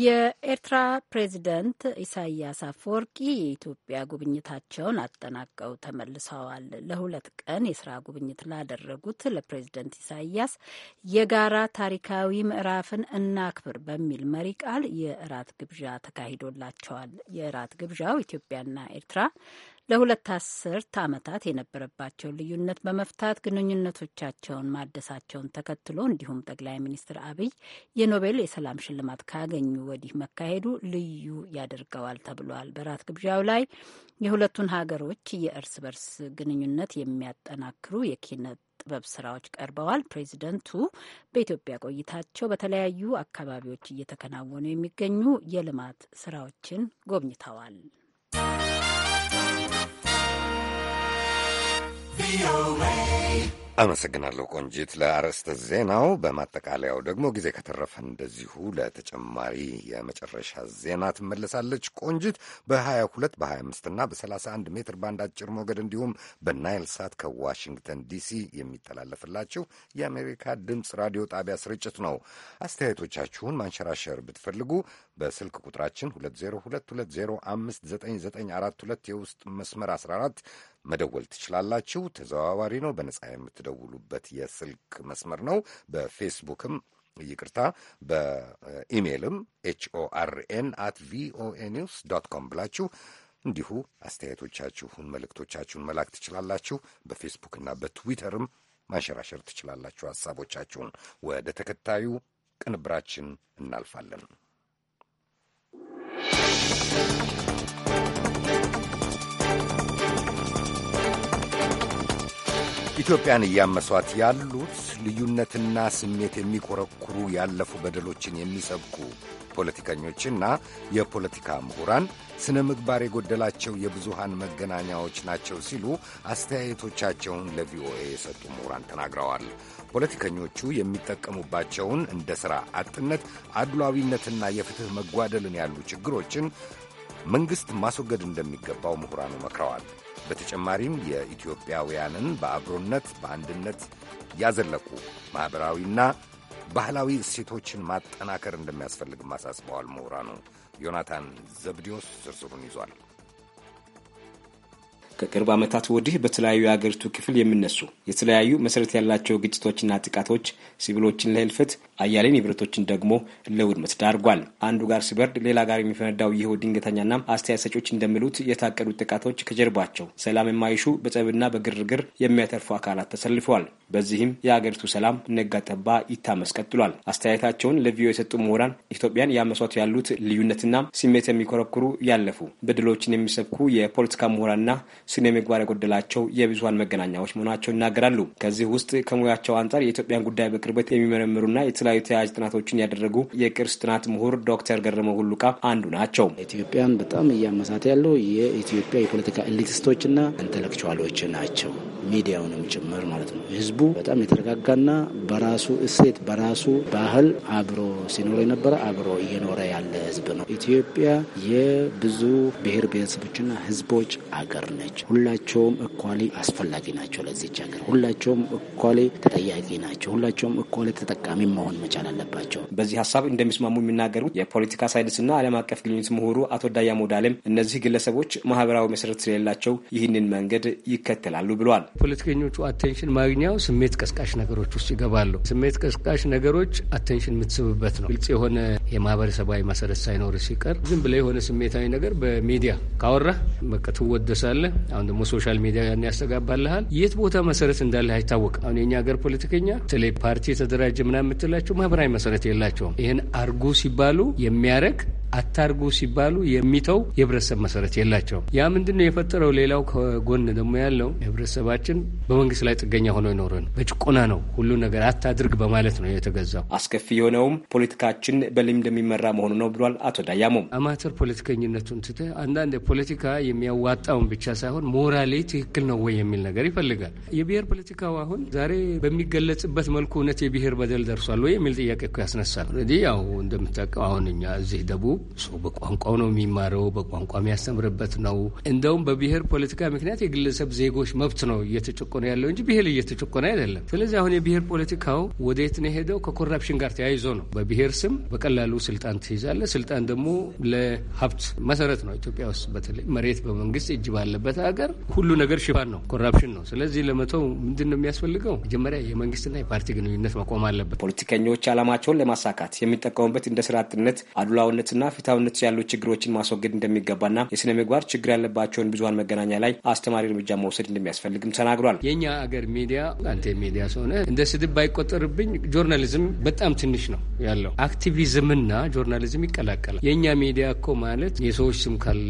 የኤርትራ ፕሬዚደንት ኢሳያስ አፈወርቂ የኢትዮጵያ ጉብኝታቸውን አጠናቀው ተመልሰዋል። ለሁለት ቀን የስራ ጉብኝት ላደረጉት ለፕሬዚደንት ኢሳያስ የጋራ ታሪካዊ ምዕራፍን እናክብር በሚል መሪ ቃል የእራት ግብዣ ተካሂዶላቸዋል። የእራት ግብዣው ኢትዮጵያና ኤርትራ ለሁለት አስርት ዓመታት የነበረባቸውን ልዩነት በመፍታት ግንኙነቶቻቸውን ማደሳቸውን ተከትሎ እንዲሁም ጠቅላይ ሚኒስትር አብይ የኖቤል የሰላም ሽልማት ካገኙ ወዲህ መካሄዱ ልዩ ያደርገዋል ተብሏል። በራት ግብዣው ላይ የሁለቱን ሀገሮች የእርስ በርስ ግንኙነት የሚያጠናክሩ የኪነ ጥበብ ስራዎች ቀርበዋል። ፕሬዚደንቱ በኢትዮጵያ ቆይታቸው በተለያዩ አካባቢዎች እየተከናወኑ የሚገኙ የልማት ስራዎችን ጎብኝተዋል። አመሰግናለሁ ቆንጂት ለአርዕስተ ዜናው። በማጠቃለያው ደግሞ ጊዜ ከተረፈ እንደዚሁ ለተጨማሪ የመጨረሻ ዜና ትመለሳለች ቆንጂት። በ22 በ25 እና በ31 ሜትር ባንድ አጭር ሞገድ እንዲሁም በናይል ሳት ከዋሽንግተን ዲሲ የሚተላለፍላችሁ የአሜሪካ ድምፅ ራዲዮ ጣቢያ ስርጭት ነው። አስተያየቶቻችሁን ማንሸራሸር ብትፈልጉ በስልክ ቁጥራችን 2022059942 የውስጥ መስመር 14 መደወል ትችላላችሁ። ተዘዋዋሪ ነው፣ በነጻ የምትደውሉበት የስልክ መስመር ነው። በፌስቡክም ይቅርታ፣ በኢሜይልም ኤችኦአርኤን አት ቪኦኤ ኒውስ ዶት ኮም ብላችሁ እንዲሁ አስተያየቶቻችሁን፣ መልእክቶቻችሁን መላክ ትችላላችሁ። በፌስቡክና በትዊተርም ማንሸራሸር ትችላላችሁ ሀሳቦቻችሁን። ወደ ተከታዩ ቅንብራችን እናልፋለን። ኢትዮጵያን እያመሷት ያሉት ልዩነትና ስሜት የሚኮረኩሩ ያለፉ በደሎችን የሚሰብኩ ፖለቲከኞችና የፖለቲካ ምሁራን፣ ስነ ምግባር የጎደላቸው የብዙሃን መገናኛዎች ናቸው ሲሉ አስተያየቶቻቸውን ለቪኦኤ የሰጡ ምሁራን ተናግረዋል። ፖለቲከኞቹ የሚጠቀሙባቸውን እንደ ሥራ አጥነት፣ አድሏዊነትና የፍትሕ መጓደልን ያሉ ችግሮችን መንግሥት ማስወገድ እንደሚገባው ምሁራኑ መክረዋል። በተጨማሪም የኢትዮጵያውያንን በአብሮነት በአንድነት ያዘለቁ ማኅበራዊና ባህላዊ እሴቶችን ማጠናከር እንደሚያስፈልግ አሳስበዋል ምሁራኑ። ዮናታን ዘብዲዮስ ዝርዝሩን ይዟል። ከቅርብ ዓመታት ወዲህ በተለያዩ የአገሪቱ ክፍል የሚነሱ የተለያዩ መሰረት ያላቸው ግጭቶችና ጥቃቶች ሲቪሎችን ለህልፈት አያሌ ንብረቶችን ደግሞ ለውድመት ዳርጓል። አንዱ ጋር ሲበርድ ሌላ ጋር የሚፈነዳው ይኸው ድንገተኛና አስተያየት ሰጪዎች እንደሚሉት የታቀዱት ጥቃቶች ከጀርባቸው ሰላም የማይሹ በጸብና በግርግር የሚያተርፉ አካላት ተሰልፈዋል። በዚህም የአገሪቱ ሰላም ነጋጠባ ይታመስ ቀጥሏል። አስተያየታቸውን ለቪዮ የሰጡ ምሁራን ኢትዮጵያን ያመሷት ያሉት ልዩነትና ስሜት የሚኮረኩሩ ያለፉ በድሎችን የሚሰብኩ የፖለቲካ ምሁራንና ስነ ምግባር የጎደላቸው የብዙሀን መገናኛዎች መሆናቸው ይናገራሉ። ከዚህ ውስጥ ከሙያቸው አንጻር የኢትዮጵያን ጉዳይ በቅርበት የሚመረምሩና የተለያዩ የተለያዩ ተያያዥ ጥናቶችን ያደረጉ የቅርስ ጥናት ምሁር ዶክተር ገረመ ሁሉቃ አንዱ ናቸው። ኢትዮጵያን በጣም እያመሳት ያለው የኢትዮጵያ የፖለቲካ ኤሊቲስቶችና ኢንተሌክቹዋሎች ናቸው። ሚዲያውንም ጭምር ማለት ነው። ህዝቡ በጣም የተረጋጋና በራሱ እሴት በራሱ ባህል አብሮ ሲኖር የነበረ አብሮ እየኖረ ያለ ህዝብ ነው። ኢትዮጵያ የብዙ ብሔር ብሔረሰቦችና ህዝቦች አገር ነች። ሁላቸውም እኳሌ አስፈላጊ ናቸው ለዚች ሀገር። ሁላቸውም እኳሌ ተጠያቂ ናቸው። ሁላቸውም እኳሌ ተጠቃሚ መሆን መሆን መቻል አለባቸው። በዚህ ሀሳብ እንደሚስማሙ የሚናገሩት የፖለቲካ ሳይንስና ዓለም አቀፍ ግንኙነት ምሁሩ አቶ ዳያ ሞዳለም እነዚህ ግለሰቦች ማህበራዊ መሰረት ስለሌላቸው ይህንን መንገድ ይከተላሉ ብለዋል። ፖለቲከኞቹ አቴንሽን ማግኛው ስሜት ቀስቃሽ ነገሮች ውስጥ ይገባሉ። ስሜት ቀስቃሽ ነገሮች አቴንሽን የምትስብበት ነው። ግልጽ የሆነ የማህበረሰባዊ መሰረት ሳይኖር ሲቀር ዝም ብለ የሆነ ስሜታዊ ነገር በሚዲያ ካወራ በቃ ትወደሳለህ። አሁን ደግሞ ሶሻል ሚዲያ ያን ያስተጋባልሃል። የት ቦታ መሰረት እንዳለ አይታወቅ አሁን የኛ ሀገር ፖለቲከኛ ቴሌ ፓርቲ የተደራጀ ምናምን የምትላቸው ያላቸው ማህበራዊ መሰረት የላቸውም። ይህን አርጉ ሲባሉ የሚያረግ አታርጉ ሲባሉ የሚተው የህብረተሰብ መሰረት የላቸውም። ያ ምንድን ነው የፈጠረው? ሌላው ከጎን ደግሞ ያለው ህብረተሰባችን በመንግስት ላይ ጥገኛ ሆኖ ይኖረ ነው። በጭቆና ነው ሁሉ ነገር አታድርግ በማለት ነው የተገዛው። አስከፊ የሆነውም ፖለቲካችን በልምድ የሚመራ መሆኑ ነው ብሏል አቶ ዳያሞ። አማተር ፖለቲከኝነቱን ትተ አንዳንድ ፖለቲካ የሚያዋጣውን ብቻ ሳይሆን ሞራሌ ትክክል ነው ወይ የሚል ነገር ይፈልጋል። የብሔር ፖለቲካው አሁን ዛሬ በሚገለጽበት መልኩ እውነት የብሔር በደል ደርሷል ወይ የሚል ጥያቄ እኮ ያስነሳል። እንግዲህ ያው እንደምታውቀው አሁን እኛ እዚህ ደቡብ ሰው በቋንቋው ነው የሚማረው፣ በቋንቋ የሚያስተምርበት ነው። እንደውም በብሔር ፖለቲካ ምክንያት የግለሰብ ዜጎች መብት ነው እየተጨቆነ ያለው እንጂ ብሔር እየተጨቆነ አይደለም። ስለዚህ አሁን የብሔር ፖለቲካው ወደየት ነው የሄደው? ከኮራፕሽን ጋር ተያይዞ ነው። በብሔር ስም በቀላሉ ስልጣን ትይዛለ። ስልጣን ደግሞ ለሀብት መሰረት ነው። ኢትዮጵያ ውስጥ በተለይ መሬት በመንግስት እጅ ባለበት ሀገር ሁሉ ነገር ሽፋን ነው፣ ኮራፕሽን ነው። ስለዚህ ለመተው ምንድን ነው የሚያስፈልገው? መጀመሪያ የመንግስትና የፓርቲ ግንኙነት መቆም አለበት። ፖለቲከኞች አላማቸውን ለማሳካት የሚጠቀሙበት እንደ ስርዓትነት አድላውነትና ፍትሐዊነት ያሉ ችግሮችን ማስወገድ እንደሚገባና የስነ ምግባር ችግር ያለባቸውን ብዙሀን መገናኛ ላይ አስተማሪ እርምጃ መውሰድ እንደሚያስፈልግም ተናግሯል። የእኛ አገር ሚዲያ አንተ ሚዲያ ሆነ እንደ ስድብ ባይቆጠርብኝ ጆርናሊዝም በጣም ትንሽ ነው ያለው። አክቲቪዝምና ጆርናሊዝም ይቀላቀላል። የእኛ ሚዲያ እኮ ማለት የሰዎች ስም ካል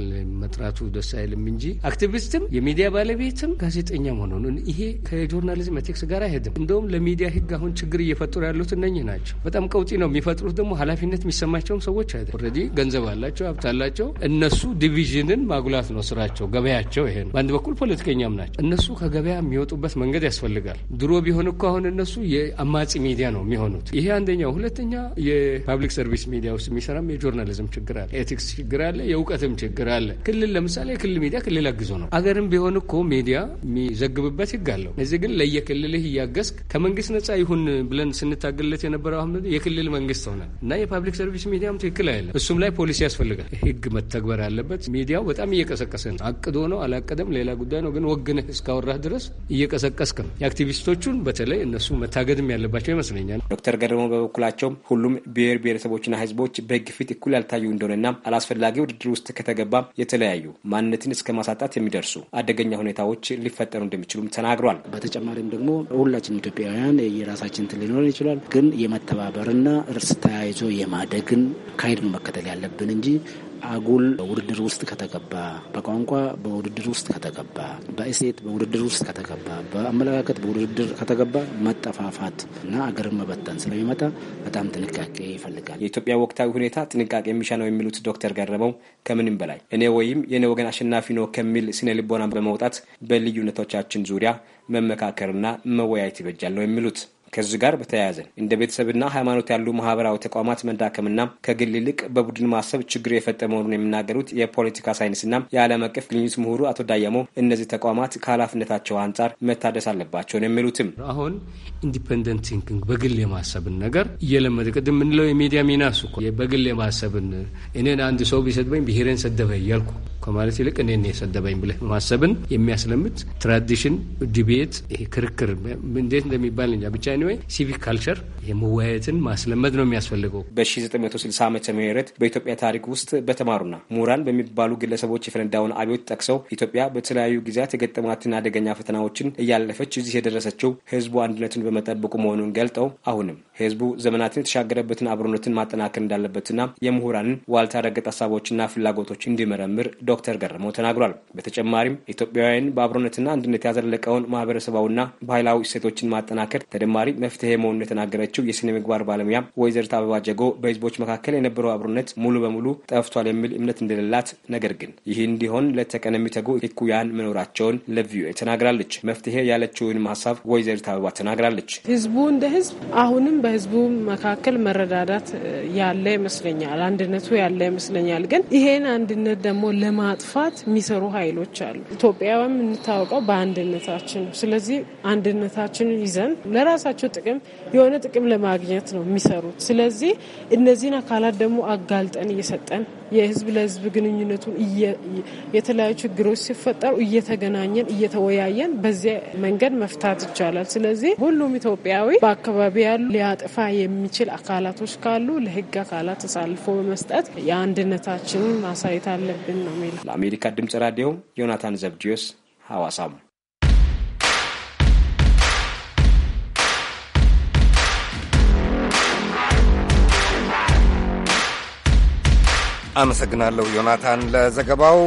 መጥራቱ ደስ አይልም እንጂ አክቲቪስትም የሚዲያ ባለቤትም ጋዜጠኛም ሆኖ ይሄ ከጆርናሊዝም ኤቲክስ ጋር አይሄድም። እንደውም ለሚዲያ ህግ አሁን ችግር እየፈጠሩ ያሉት እነኚህ ናቸው። በጣም ቀውጢ ነው የሚፈጥሩት። ደግሞ ኃላፊነት የሚሰማቸውም ሰዎች አይደል። ኦልሬዲ ገንዘብ አላቸው፣ ሀብት አላቸው። እነሱ ዲቪዥንን ማጉላት ነው ስራቸው፣ ገበያቸው ይሄ ነው። በአንድ በኩል ፖለቲከኛም ናቸው። እነሱ ከገበያ የሚወጡበት መንገድ ያስፈልጋል። ድሮ ቢሆን እኮ አሁን እነሱ የአማጺ ሚዲያ ነው የሚሆኑት። ይሄ አንደኛው። ሁለተኛ የፓብሊክ ሰርቪስ ሚዲያ ውስጥ የሚሰራም የጆርናሊዝም ችግር አለ፣ ኤቲክስ ችግር አለ፣ የእውቀትም ችግር አለ። ክልል ለምሳሌ የክልል ሚዲያ ክልል አግዞ ነው። አገርም ቢሆን እኮ ሚዲያ የሚዘግብበት ህግ አለው። እዚህ ግን ለየክልልህ እያገዝክ ከመንግስት ነጻ ይሁን ብለን ስንታገለት የነበረው አሁን የክልል መንግስት ሆነ እና የፐብሊክ ሰርቪስ ሚዲያም ትክክል አይደለም እሱም ላይ ፖሊሲ ያስፈልጋል። ህግ መተግበር አለበት። ሚዲያው በጣም እየቀሰቀሰ ነው። አቅዶ ነው አላቀደም ሌላ ጉዳይ ነው። ግን ወግነህ እስካወራህ ድረስ እየቀሰቀስክ ነው። የአክቲቪስቶቹን በተለይ እነሱ መታገድም ያለባቸው ይመስለኛል። ዶክተር ገድሞ በበኩላቸው ሁሉም ብሔር ብሔረሰቦችና ህዝቦች በህግ ፊት እኩል ያልታዩ እንደሆነና አላስፈላጊ ውድድር ውስጥ ከተገባ የተለያዩ ማንነትን እስከ ማሳጣት የሚደርሱ አደገኛ ሁኔታዎች ሊፈጠሩ እንደሚችሉም ተናግሯል። በተጨማሪም ደግሞ ሁላችን ኢትዮጵያውያን የራሳችን ትል ሊኖር ይችላል። ግን የመተባበርና እርስ ተያይዞ የማደግን ካሄድ መከተል ማድረግ ያለብን እንጂ አጉል በውድድር ውስጥ ከተገባ በቋንቋ በውድድር ውስጥ ከተገባ በእሴት በውድድር ውስጥ ከተገባ በአመለካከት በውድድር ከተገባ መጠፋፋት እና አገርን መበተን ስለሚመጣ በጣም ጥንቃቄ ይፈልጋል። የኢትዮጵያ ወቅታዊ ሁኔታ ጥንቃቄ የሚሻ ነው የሚሉት ዶክተር ገረመው ከምንም በላይ እኔ ወይም የኔ ወገን አሸናፊ ነው ከሚል ስነ ልቦና በመውጣት በልዩነቶቻችን ዙሪያ መመካከርና መወያየት ይበጃል ነው የሚሉት። ከዚህ ጋር በተያያዘ እንደ ቤተሰብና ሃይማኖት ያሉ ማህበራዊ ተቋማት መዳከምና ከግል ይልቅ በቡድን ማሰብ ችግር የፈጠ መሆኑን የሚናገሩት የፖለቲካ ሳይንስና የዓለም አቀፍ ግንኙት ምሁሩ አቶ ዳያሞ እነዚህ ተቋማት ከኃላፊነታቸው አንጻር መታደስ አለባቸው ነው የሚሉትም። አሁን ኢንዲፐንደንት ቲንኪንግ በግል የማሰብን ነገር እየለመደ ቅድም የምንለው የሚዲያ ሚና እሱ በግል የማሰብን እኔን አንድ ሰው ቢሰድበኝ ብሔሬን ሰደበ እያልኩ ከማለት ይልቅ እኔን የሰደበኝ ብለህ ማሰብን የሚያስለምድ ትራዲሽን ዲቤት ይሄ ክርክር እንዴት እንደሚባል እንጃ ብቻ ኤኒዌይ ሲቪክ ካልቸር የመወያየትን ማስለመድ ነው የሚያስፈልገው። በ1960 ዓ ምት በኢትዮጵያ ታሪክ ውስጥ በተማሩና ምሁራን በሚባሉ ግለሰቦች የፈነዳውን አብዮት ጠቅሰው ኢትዮጵያ በተለያዩ ጊዜያት የገጠማትን አደገኛ ፈተናዎችን እያለፈች እዚህ የደረሰችው ህዝቡ አንድነትን በመጠበቁ መሆኑን ገልጠው አሁንም ህዝቡ ዘመናትን የተሻገረበትን አብሮነትን ማጠናከር እንዳለበትና የምሁራንን ዋልታ ረገጥ ሀሳቦችና ፍላጎቶች እንዲመረምር ዶክተር ገረመው ተናግሯል። በተጨማሪም ኢትዮጵያውያን በአብሮነትና አንድነት ያዘለቀውን ማህበረሰባዊና ባህላዊ እሴቶችን ማጠናከር ተደማሪ ተጨማሪ መፍትሄ መሆኑን የተናገረችው የስነ ምግባር ባለሙያ ወይዘሪት አበባ ጀጎ በህዝቦች መካከል የነበረው አብሮነት ሙሉ በሙሉ ጠፍቷል የሚል እምነት እንደሌላት፣ ነገር ግን ይህ እንዲሆን ለተቀን የሚተጉ ህኩያን መኖራቸውን ለቪኦኤ ተናግራለች። መፍትሄ ያለችውንም ሀሳብ ወይዘሪት አበባ ተናግራለች። ህዝቡ እንደ ህዝብ አሁንም በህዝቡ መካከል መረዳዳት ያለ ይመስለኛል፣ አንድነቱ ያለ ይመስለኛል። ግን ይሄን አንድነት ደግሞ ለማጥፋት የሚሰሩ ኃይሎች አሉ። ኢትዮጵያውያን የምንታወቀው በአንድነታችን ነው። ስለዚህ አንድነታችን ይዘን ለራሳችን ያላቸው ጥቅም የሆነ ጥቅም ለማግኘት ነው የሚሰሩት። ስለዚህ እነዚህን አካላት ደግሞ አጋልጠን እየሰጠን የህዝብ ለህዝብ ግንኙነቱን የተለያዩ ችግሮች ሲፈጠሩ እየተገናኘን እየተወያየን በዚያ መንገድ መፍታት ይቻላል። ስለዚህ ሁሉም ኢትዮጵያዊ በአካባቢ ያሉ ሊያጥፋ የሚችል አካላቶች ካሉ ለህግ አካላት ተሳልፎ በመስጠት የአንድነታችንን ማሳየት አለብን ነው የሚለው። ለአሜሪካ ድምጽ ራዲዮ ዮናታን ዘብዲዮስ ሐዋሳም አመሰግናለሁ ዮናታን ለዘገባው።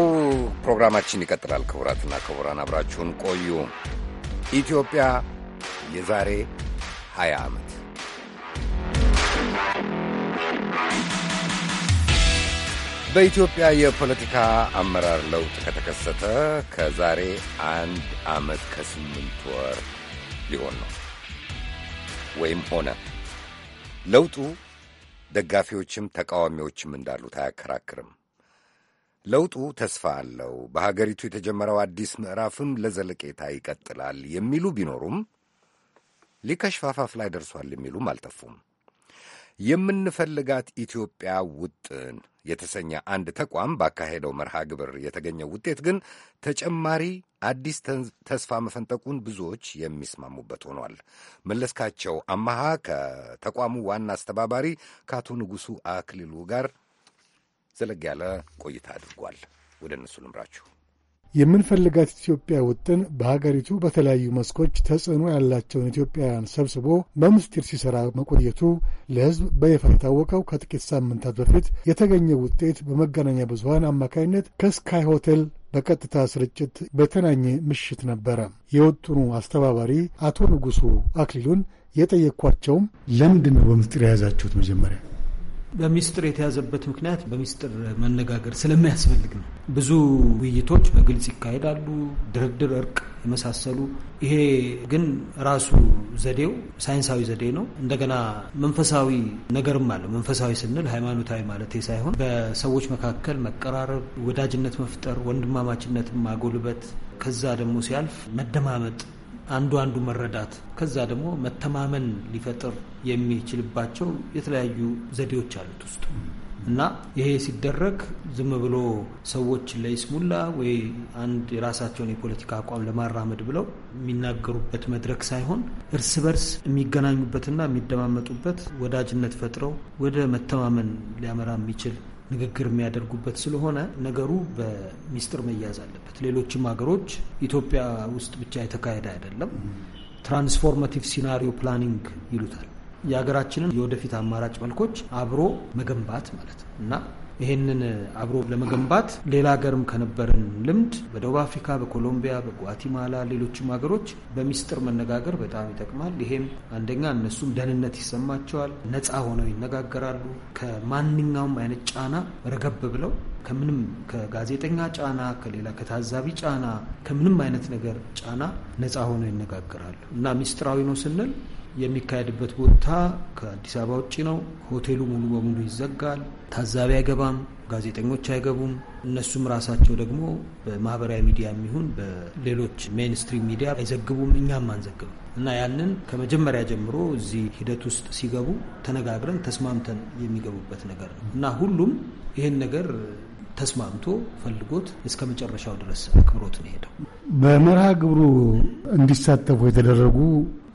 ፕሮግራማችን ይቀጥላል። ክቡራትና ክቡራን አብራችሁን ቆዩ። ኢትዮጵያ የዛሬ 20 ዓመት በኢትዮጵያ የፖለቲካ አመራር ለውጥ ከተከሰተ ከዛሬ አንድ ዓመት ከስምንት ወር ሊሆን ነው ወይም ሆነ ለውጡ ደጋፊዎችም ተቃዋሚዎችም እንዳሉት አያከራክርም። ለውጡ ተስፋ አለው፣ በሀገሪቱ የተጀመረው አዲስ ምዕራፍም ለዘለቄታ ይቀጥላል የሚሉ ቢኖሩም ሊከሽፍ አፋፍ ላይ ደርሷል የሚሉም አልጠፉም። የምንፈልጋት ኢትዮጵያ ውጥን የተሰኘ አንድ ተቋም ባካሄደው መርሃ ግብር የተገኘው ውጤት ግን ተጨማሪ አዲስ ተስፋ መፈንጠቁን ብዙዎች የሚስማሙበት ሆኗል። መለስካቸው አማሃ ከተቋሙ ዋና አስተባባሪ ከአቶ ንጉሡ አክሊሉ ጋር ዘለግ ያለ ቆይታ አድርጓል። ወደ እነሱ ልምራችሁ። የምንፈልጋት ኢትዮጵያ ውጥን በሀገሪቱ በተለያዩ መስኮች ተጽዕኖ ያላቸውን ኢትዮጵያውያን ሰብስቦ በምስጢር ሲሰራ መቆየቱ ለሕዝብ በይፋ የታወቀው ከጥቂት ሳምንታት በፊት የተገኘው ውጤት በመገናኛ ብዙሀን አማካኝነት ከስካይ ሆቴል በቀጥታ ስርጭት በተናኘ ምሽት ነበረ። የውጥኑ አስተባባሪ አቶ ንጉሱ አክሊሉን የጠየቅኳቸውም ለምንድን ነው በምስጢር የያዛችሁት መጀመሪያ በሚስጥር የተያዘበት ምክንያት በሚስጥር መነጋገር ስለማያስፈልግ ነው። ብዙ ውይይቶች በግልጽ ይካሄዳሉ፣ ድርድር፣ እርቅ የመሳሰሉ ይሄ ግን ራሱ ዘዴው ሳይንሳዊ ዘዴ ነው። እንደገና መንፈሳዊ ነገርም አለው። መንፈሳዊ ስንል ሃይማኖታዊ ማለት ሳይሆን በሰዎች መካከል መቀራረብ፣ ወዳጅነት መፍጠር፣ ወንድማማችነትን ማጎልበት ከዛ ደግሞ ሲያልፍ መደማመጥ አንዱ አንዱ መረዳት ከዛ ደግሞ መተማመን ሊፈጥር የሚችልባቸው የተለያዩ ዘዴዎች አሉት ውስጡ እና ይሄ ሲደረግ ዝም ብሎ ሰዎች ለይስሙላ ወይ አንድ የራሳቸውን የፖለቲካ አቋም ለማራመድ ብለው የሚናገሩበት መድረክ ሳይሆን እርስ በርስ የሚገናኙበትና የሚደማመጡበት ወዳጅነት ፈጥረው ወደ መተማመን ሊያመራ የሚችል ንግግር የሚያደርጉበት ስለሆነ ነገሩ በሚስጥር መያዝ አለበት። ሌሎችም ሀገሮች ኢትዮጵያ ውስጥ ብቻ የተካሄደ አይደለም። ትራንስፎርማቲቭ ሲናሪዮ ፕላኒንግ ይሉታል። የሀገራችንን የወደፊት አማራጭ መልኮች አብሮ መገንባት ማለት ነው እና ይህንን አብሮ ለመገንባት ሌላ ሀገርም ከነበረን ልምድ በደቡብ አፍሪካ፣ በኮሎምቢያ፣ በጓቲማላ ሌሎችም ሀገሮች በሚስጥር መነጋገር በጣም ይጠቅማል። ይሄም አንደኛ እነሱም ደህንነት ይሰማቸዋል፣ ነፃ ሆነው ይነጋገራሉ። ከማንኛውም አይነት ጫና ረገብ ብለው ከምንም ከጋዜጠኛ ጫና፣ ከሌላ ከታዛቢ ጫና፣ ከምንም አይነት ነገር ጫና ነፃ ሆነው ይነጋገራሉ እና ሚስጥራዊ ነው ስንል የሚካሄድበት ቦታ ከአዲስ አበባ ውጭ ነው። ሆቴሉ ሙሉ በሙሉ ይዘጋል። ታዛቢ አይገባም፣ ጋዜጠኞች አይገቡም። እነሱም ራሳቸው ደግሞ በማህበራዊ ሚዲያ የሚሆን በሌሎች ሜንስትሪም ሚዲያ አይዘግቡም፣ እኛም አንዘግብም እና ያንን ከመጀመሪያ ጀምሮ እዚህ ሂደት ውስጥ ሲገቡ ተነጋግረን ተስማምተን የሚገቡበት ነገር ነው እና ሁሉም ይህን ነገር ተስማምቶ ፈልጎት እስከ መጨረሻው ድረስ አክብሮት ነው ሄደው። በመርሃ ግብሩ እንዲሳተፉ የተደረጉ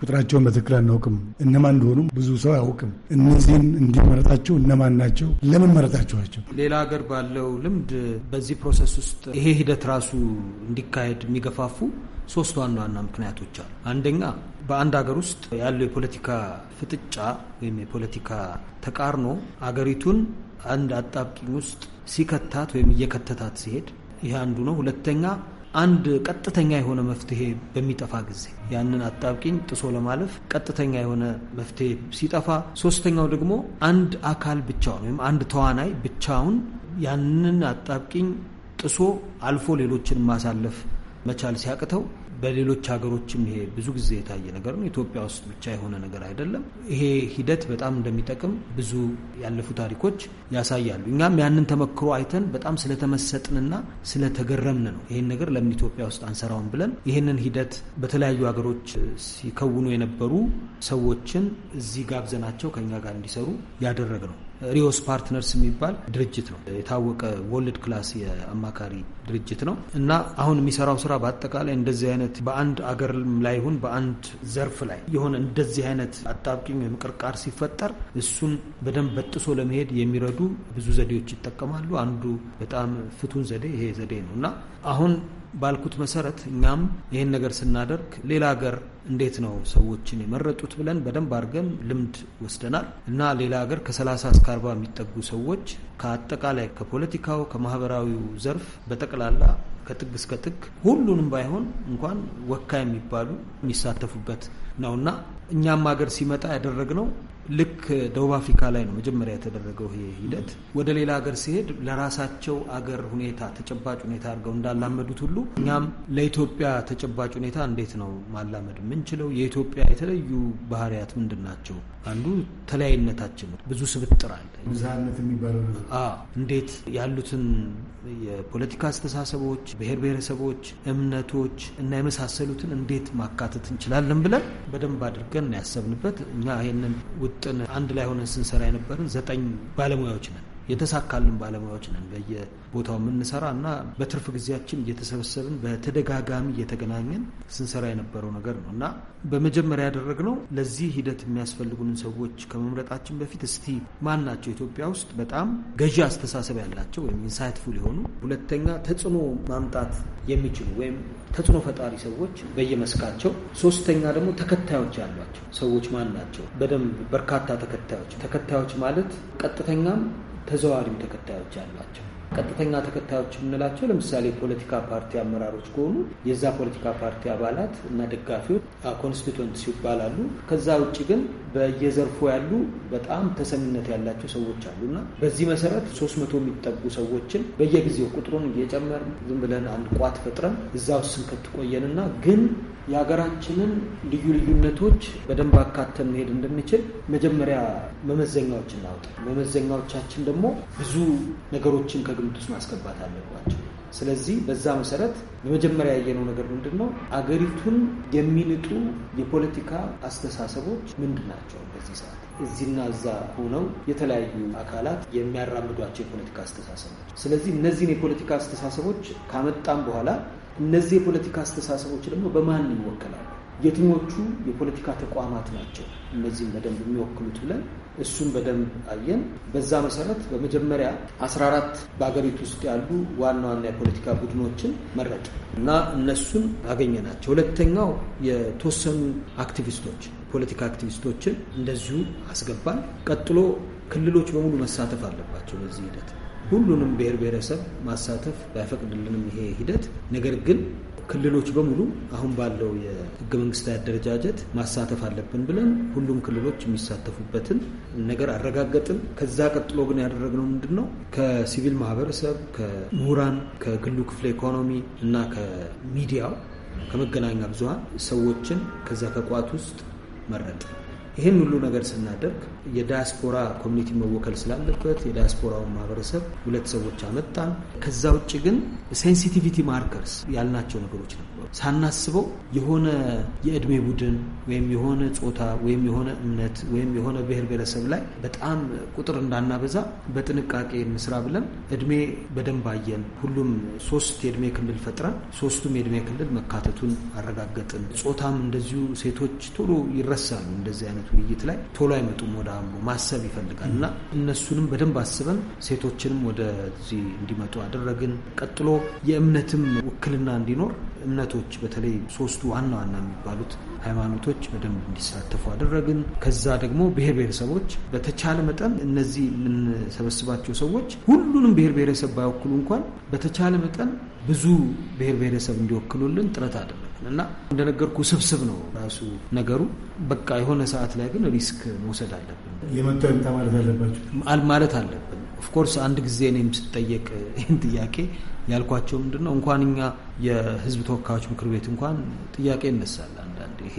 ቁጥራቸውን በትክክል አናውቅም። እነማን እንደሆኑም ብዙ ሰው አያውቅም። እነዚህን እንዲመረጣቸው እነማን ናቸው? ለምን መረጣችኋቸው? ሌላ ሀገር ባለው ልምድ በዚህ ፕሮሰስ ውስጥ ይሄ ሂደት ራሱ እንዲካሄድ የሚገፋፉ ሶስት ዋና ዋና ምክንያቶች አሉ። አንደኛ በአንድ ሀገር ውስጥ ያለው የፖለቲካ ፍጥጫ ወይም የፖለቲካ ተቃርኖ አገሪቱን አንድ አጣብቂኝ ውስጥ ሲከታት ወይም እየከተታት ሲሄድ ይህ አንዱ ነው። ሁለተኛ አንድ ቀጥተኛ የሆነ መፍትሄ በሚጠፋ ጊዜ ያንን አጣብቂኝ ጥሶ ለማለፍ ቀጥተኛ የሆነ መፍትሄ ሲጠፋ፣ ሶስተኛው ደግሞ አንድ አካል ብቻውን ወይም አንድ ተዋናይ ብቻውን ያንን አጣብቂኝ ጥሶ አልፎ ሌሎችን ማሳለፍ መቻል ሲያቅተው በሌሎች ሀገሮችም ይሄ ብዙ ጊዜ የታየ ነገር ነው። ኢትዮጵያ ውስጥ ብቻ የሆነ ነገር አይደለም። ይሄ ሂደት በጣም እንደሚጠቅም ብዙ ያለፉ ታሪኮች ያሳያሉ። እኛም ያንን ተመክሮ አይተን በጣም ስለተመሰጥንና ስለተገረምን ነው ይህን ነገር ለምን ኢትዮጵያ ውስጥ አንሰራውን ብለን ይህንን ሂደት በተለያዩ ሀገሮች ሲከውኑ የነበሩ ሰዎችን እዚህ ጋብዘናቸው ከኛ ጋር እንዲሰሩ ያደረግ ነው። ሪዮስ ፓርትነርስ የሚባል ድርጅት ነው። የታወቀ ወልድ ክላስ የአማካሪ ድርጅት ነው እና አሁን የሚሰራው ስራ በአጠቃላይ እንደዚህ አይነት በአንድ አገር ላይ ይሁን በአንድ ዘርፍ ላይ የሆነ እንደዚህ አይነት አጣብቂኝ ወይም ቅርቃር ሲፈጠር እሱን በደንብ በጥሶ ለመሄድ የሚረዱ ብዙ ዘዴዎች ይጠቀማሉ። አንዱ በጣም ፍቱን ዘዴ ይሄ ዘዴ ነው እና አሁን ባልኩት መሰረት እኛም ይህን ነገር ስናደርግ ሌላ ሀገር እንዴት ነው ሰዎችን የመረጡት ብለን በደንብ አድርገን ልምድ ወስደናል እና ሌላ ሀገር ከ30 እስከ 40 የሚጠጉ ሰዎች ከአጠቃላይ ከፖለቲካው ከማህበራዊው ዘርፍ በጠቅላላ ከጥግ እስከ ጥግ ሁሉንም ባይሆን እንኳን ወካይ የሚባሉ የሚሳተፉበት እና እኛም ሀገር ሲመጣ ያደረግነው ልክ ደቡብ አፍሪካ ላይ ነው መጀመሪያ የተደረገው ይሄ ሂደት። ወደ ሌላ ሀገር ሲሄድ ለራሳቸው አገር ሁኔታ ተጨባጭ ሁኔታ አድርገው እንዳላመዱት ሁሉ እኛም ለኢትዮጵያ ተጨባጭ ሁኔታ እንዴት ነው ማላመድ የምንችለው? የኢትዮጵያ የተለዩ ባህሪያት ምንድን ናቸው? አንዱ ተለያይነታችን ነው። ብዙ ስብጥር አለ። ብዝሃነት የሚባለው እንዴት ያሉትን የፖለቲካ አስተሳሰቦች፣ ብሔር ብሔረሰቦች፣ እምነቶች እና የመሳሰሉትን እንዴት ማካተት እንችላለን ብለን በደንብ አድርገን ያሰብንበት እኛ ይህንን በውጥን አንድ ላይ ሆነን ስንሰራ የነበርን ዘጠኝ ባለሙያዎች ነን። የተሳካልን ባለሙያዎች ነን በየቦታው የምንሰራ እና በትርፍ ጊዜያችን እየተሰበሰብን በተደጋጋሚ እየተገናኘን ስንሰራ የነበረው ነገር ነው እና በመጀመሪያ ያደረግነው ለዚህ ሂደት የሚያስፈልጉንን ሰዎች ከመምረጣችን በፊት እስቲ ማን ናቸው ኢትዮጵያ ውስጥ በጣም ገዢ አስተሳሰብ ያላቸው ወይም ኢንሳይትፉል የሆኑ ሁለተኛ ተጽዕኖ ማምጣት የሚችሉ ወይም ተጽዕኖ ፈጣሪ ሰዎች በየመስካቸው፣ ሶስተኛ ደግሞ ተከታዮች ያሏቸው ሰዎች ማን ናቸው? በደንብ በርካታ ተከታዮች ተከታዮች ማለት ቀጥተኛም ተዘዋሪም ተከታዮች ያሏቸው ቀጥተኛ ተከታዮች የምንላቸው ለምሳሌ የፖለቲካ ፓርቲ አመራሮች ከሆኑ የዛ ፖለቲካ ፓርቲ አባላት እና ደጋፊዎች ኮንስቲቱንት ይባላሉ። ከዛ ውጭ ግን በየዘርፉ ያሉ በጣም ተሰሚነት ያላቸው ሰዎች አሉና በዚህ መሰረት ሶስት መቶ የሚጠጉ ሰዎችን በየጊዜው ቁጥሩን እየጨመር ዝም ብለን አንድ ቋት ፈጥረን እዛ ውስጥ ስንከት ቆየንና ግን የሀገራችንን ልዩ ልዩነቶች በደንብ አካተን መሄድ እንድንችል መጀመሪያ መመዘኛዎች እናውጣ። መመዘኛዎቻችን ደግሞ ብዙ ነገሮችን ከግምት ውስጥ ማስገባት አለባቸው። ስለዚህ በዛ መሰረት በመጀመሪያ ያየነው ነገር ምንድን ነው? አገሪቱን የሚንጡ የፖለቲካ አስተሳሰቦች ምንድን ናቸው? በዚህ ሰዓት እዚህና እዛ ሆነው የተለያዩ አካላት የሚያራምዷቸው የፖለቲካ አስተሳሰቦች። ስለዚህ እነዚህን የፖለቲካ አስተሳሰቦች ካመጣም በኋላ እነዚህ የፖለቲካ አስተሳሰቦች ደግሞ በማን ይወከላሉ? የትኞቹ የፖለቲካ ተቋማት ናቸው እነዚህም በደንብ የሚወክሉት ብለን እሱን በደንብ አየን። በዛ መሰረት በመጀመሪያ 14 በሀገሪቱ ውስጥ ያሉ ዋና ዋና የፖለቲካ ቡድኖችን መረጥ እና እነሱን አገኘናቸው። ሁለተኛው የተወሰኑ አክቲቪስቶች፣ ፖለቲካ አክቲቪስቶችን እንደዚሁ አስገባን። ቀጥሎ ክልሎች በሙሉ መሳተፍ አለባቸው በዚህ ሂደት ሁሉንም ብሔር ብሔረሰብ ማሳተፍ ባይፈቅድልንም ይሄ ሂደት ነገር ግን ክልሎች በሙሉ አሁን ባለው የህገ መንግስታዊ አደረጃጀት ማሳተፍ አለብን ብለን ሁሉም ክልሎች የሚሳተፉበትን ነገር አረጋገጥን። ከዛ ቀጥሎ ግን ያደረግነው ምንድን ነው? ከሲቪል ማህበረሰብ፣ ከምሁራን፣ ከግሉ ክፍለ ኢኮኖሚ እና ከሚዲያው ከመገናኛ ብዙሀን ሰዎችን ከዛ ከቋት ውስጥ መረጥ ይህን ሁሉ ነገር ስናደርግ የዳያስፖራ ኮሚኒቲ መወከል ስላለበት የዳያስፖራውን ማህበረሰብ ሁለት ሰዎች አመጣን። ከዛ ውጭ ግን ሴንሲቲቪቲ ማርከርስ ያልናቸው ነገሮች ነበሩ። ሳናስበው የሆነ የእድሜ ቡድን ወይም የሆነ ጾታ ወይም የሆነ እምነት ወይም የሆነ ብሔር ብሔረሰብ ላይ በጣም ቁጥር እንዳናበዛ በጥንቃቄ እንስራ ብለን እድሜ በደንብ አየን። ሁሉም ሶስት የእድሜ ክልል ፈጥረን ሶስቱም የእድሜ ክልል መካተቱን አረጋገጥን። ጾታም እንደዚሁ ሴቶች ቶሎ ይረሳሉ እንደዚህ አይነት ውይይት ላይ ቶሎ አይመጡም ወደ አምሮ ማሰብ ይፈልጋል እና እነሱንም በደንብ አስበን ሴቶችንም ወደዚህ እንዲመጡ አደረግን። ቀጥሎ የእምነትም ውክልና እንዲኖር እምነቶች በተለይ ሶስቱ ዋና ዋና የሚባሉት ሃይማኖቶች በደንብ እንዲሳተፉ አደረግን። ከዛ ደግሞ ብሔር ብሔረሰቦች በተቻለ መጠን እነዚህ የምንሰበስባቸው ሰዎች ሁሉንም ብሔር ብሔረሰብ ባይወክሉ እንኳን በተቻለ መጠን ብዙ ብሔር ብሔረሰብ እንዲወክሉልን ጥረት አደረግን። እና እንደነገርኩ ስብስብ ነው ራሱ ነገሩ። በቃ የሆነ ሰዓት ላይ ግን ሪስክ መውሰድ አለብን ማለት አለባቸው ማለት አለብን። ኦፍኮርስ አንድ ጊዜ እኔም ስጠየቅ ይህን ጥያቄ ያልኳቸው ምንድን ነው እንኳን እኛ የህዝብ ተወካዮች ምክር ቤት እንኳን ጥያቄ ይነሳል አንዳንድ ይሄ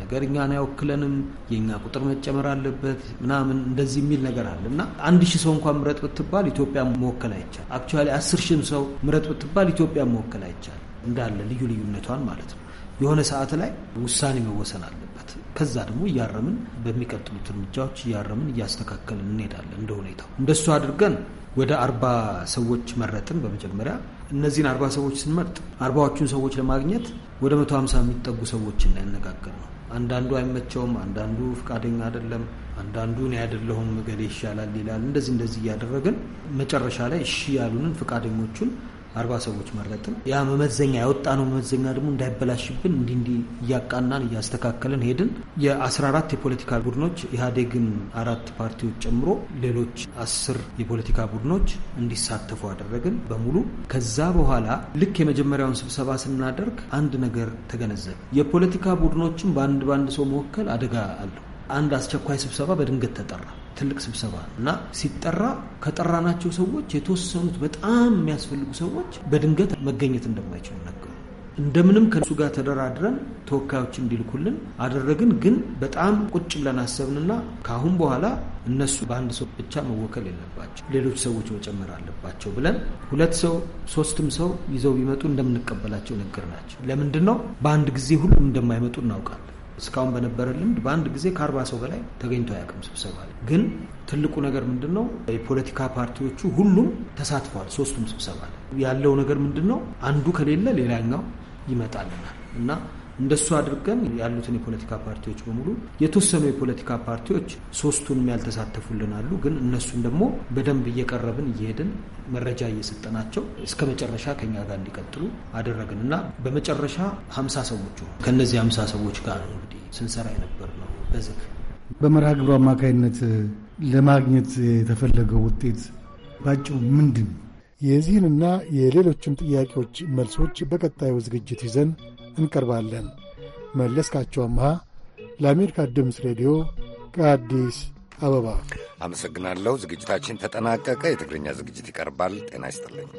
ነገር እኛን አይወክለንም፣ የእኛ ቁጥር መጨመር አለበት ምናምን እንደዚህ የሚል ነገር አለ እና አንድ ሺህ ሰው እንኳን ምረጥ ብትባል ኢትዮጵያ መወከል አይቻል። አክቹዋሊ አስር ሺህም ሰው ምረጥ ብትባል ኢትዮጵያ መወከል አይቻል። እንዳለ ልዩ ልዩነቷን ማለት ነው። የሆነ ሰዓት ላይ ውሳኔ መወሰን አለበት። ከዛ ደግሞ እያረምን በሚቀጥሉት እርምጃዎች እያረምን እያስተካከልን እንሄዳለን እንደ ሁኔታው። እንደሱ አድርገን ወደ አርባ ሰዎች መረጥን። በመጀመሪያ እነዚህን አርባ ሰዎች ስንመርጥ አርባዎቹን ሰዎች ለማግኘት ወደ መቶ ሀምሳ የሚጠጉ ሰዎች ያነጋገር ነው። አንዳንዱ አይመቸውም፣ አንዳንዱ ፍቃደኛ አይደለም፣ አንዳንዱ እኔ አይደለሁም ገሌ ይሻላል ይላል። እንደዚህ እንደዚህ እያደረግን መጨረሻ ላይ እሺ ያሉንን ፍቃደኞቹን አርባ ሰዎች መረጥን። ያ መመዘኛ ያወጣ ነው መመዘኛ ደግሞ እንዳይበላሽብን እንዲህ እንዲህ እያቃናን እያስተካከልን ሄድን። የአስራ አራት የፖለቲካ ቡድኖች ኢህአዴግን አራት ፓርቲዎች ጨምሮ ሌሎች አስር የፖለቲካ ቡድኖች እንዲሳተፉ አደረግን በሙሉ። ከዛ በኋላ ልክ የመጀመሪያውን ስብሰባ ስናደርግ አንድ ነገር ተገነዘብ። የፖለቲካ ቡድኖችን በአንድ በአንድ ሰው መወከል አደጋ አለው። አንድ አስቸኳይ ስብሰባ በድንገት ተጠራ። ትልቅ ስብሰባ እና ሲጠራ ከጠራናቸው ሰዎች የተወሰኑት በጣም የሚያስፈልጉ ሰዎች በድንገት መገኘት እንደማይችሉ ነገሩ። እንደምንም ከእሱ ጋር ተደራድረን ተወካዮች እንዲልኩልን አደረግን። ግን በጣም ቁጭ ብለን አሰብንና ከአሁን በኋላ እነሱ በአንድ ሰው ብቻ መወከል የለባቸው፣ ሌሎች ሰዎች መጨመር አለባቸው ብለን ሁለት ሰው ሶስትም ሰው ይዘው ቢመጡ እንደምንቀበላቸው ነገር ናቸው። ለምንድን ነው በአንድ ጊዜ ሁሉም እንደማይመጡ እናውቃለን። እስካሁን በነበረ ልምድ በአንድ ጊዜ ከአርባ ሰው በላይ ተገኝቶ አያውቅም ስብሰባ ላይ። ግን ትልቁ ነገር ምንድን ነው? የፖለቲካ ፓርቲዎቹ ሁሉም ተሳትፈዋል። ሶስቱም ስብሰባ ላይ ያለው ነገር ምንድን ነው? አንዱ ከሌለ ሌላኛው ይመጣልናል እና እንደሱ አድርገን ያሉትን የፖለቲካ ፓርቲዎች በሙሉ የተወሰኑ የፖለቲካ ፓርቲዎች ሶስቱንም ያልተሳተፉልን አሉ። ግን እነሱን ደግሞ በደንብ እየቀረብን እየሄድን መረጃ እየሰጠናቸው እስከ መጨረሻ ከኛ ጋር እንዲቀጥሉ አደረግን እና በመጨረሻ ሀምሳ ሰዎች ከእነዚህ ሀምሳ ሰዎች ጋር ነው እንግዲህ ስንሰራ የነበር ነው በዝግ በመርሃ ግብሩ አማካይነት ለማግኘት የተፈለገው ውጤት ባጭሩ ምንድን የዚህንና የሌሎችን ጥያቄዎች መልሶች በቀጣዩ ዝግጅት ይዘን እንቀርባለን። መለስካቸው አምሃ ለአሜሪካ ድምፅ ሬዲዮ ከአዲስ አበባ አመሰግናለሁ። ዝግጅታችን ተጠናቀቀ። የትግርኛ ዝግጅት ይቀርባል። ጤና ይስጥልኝ።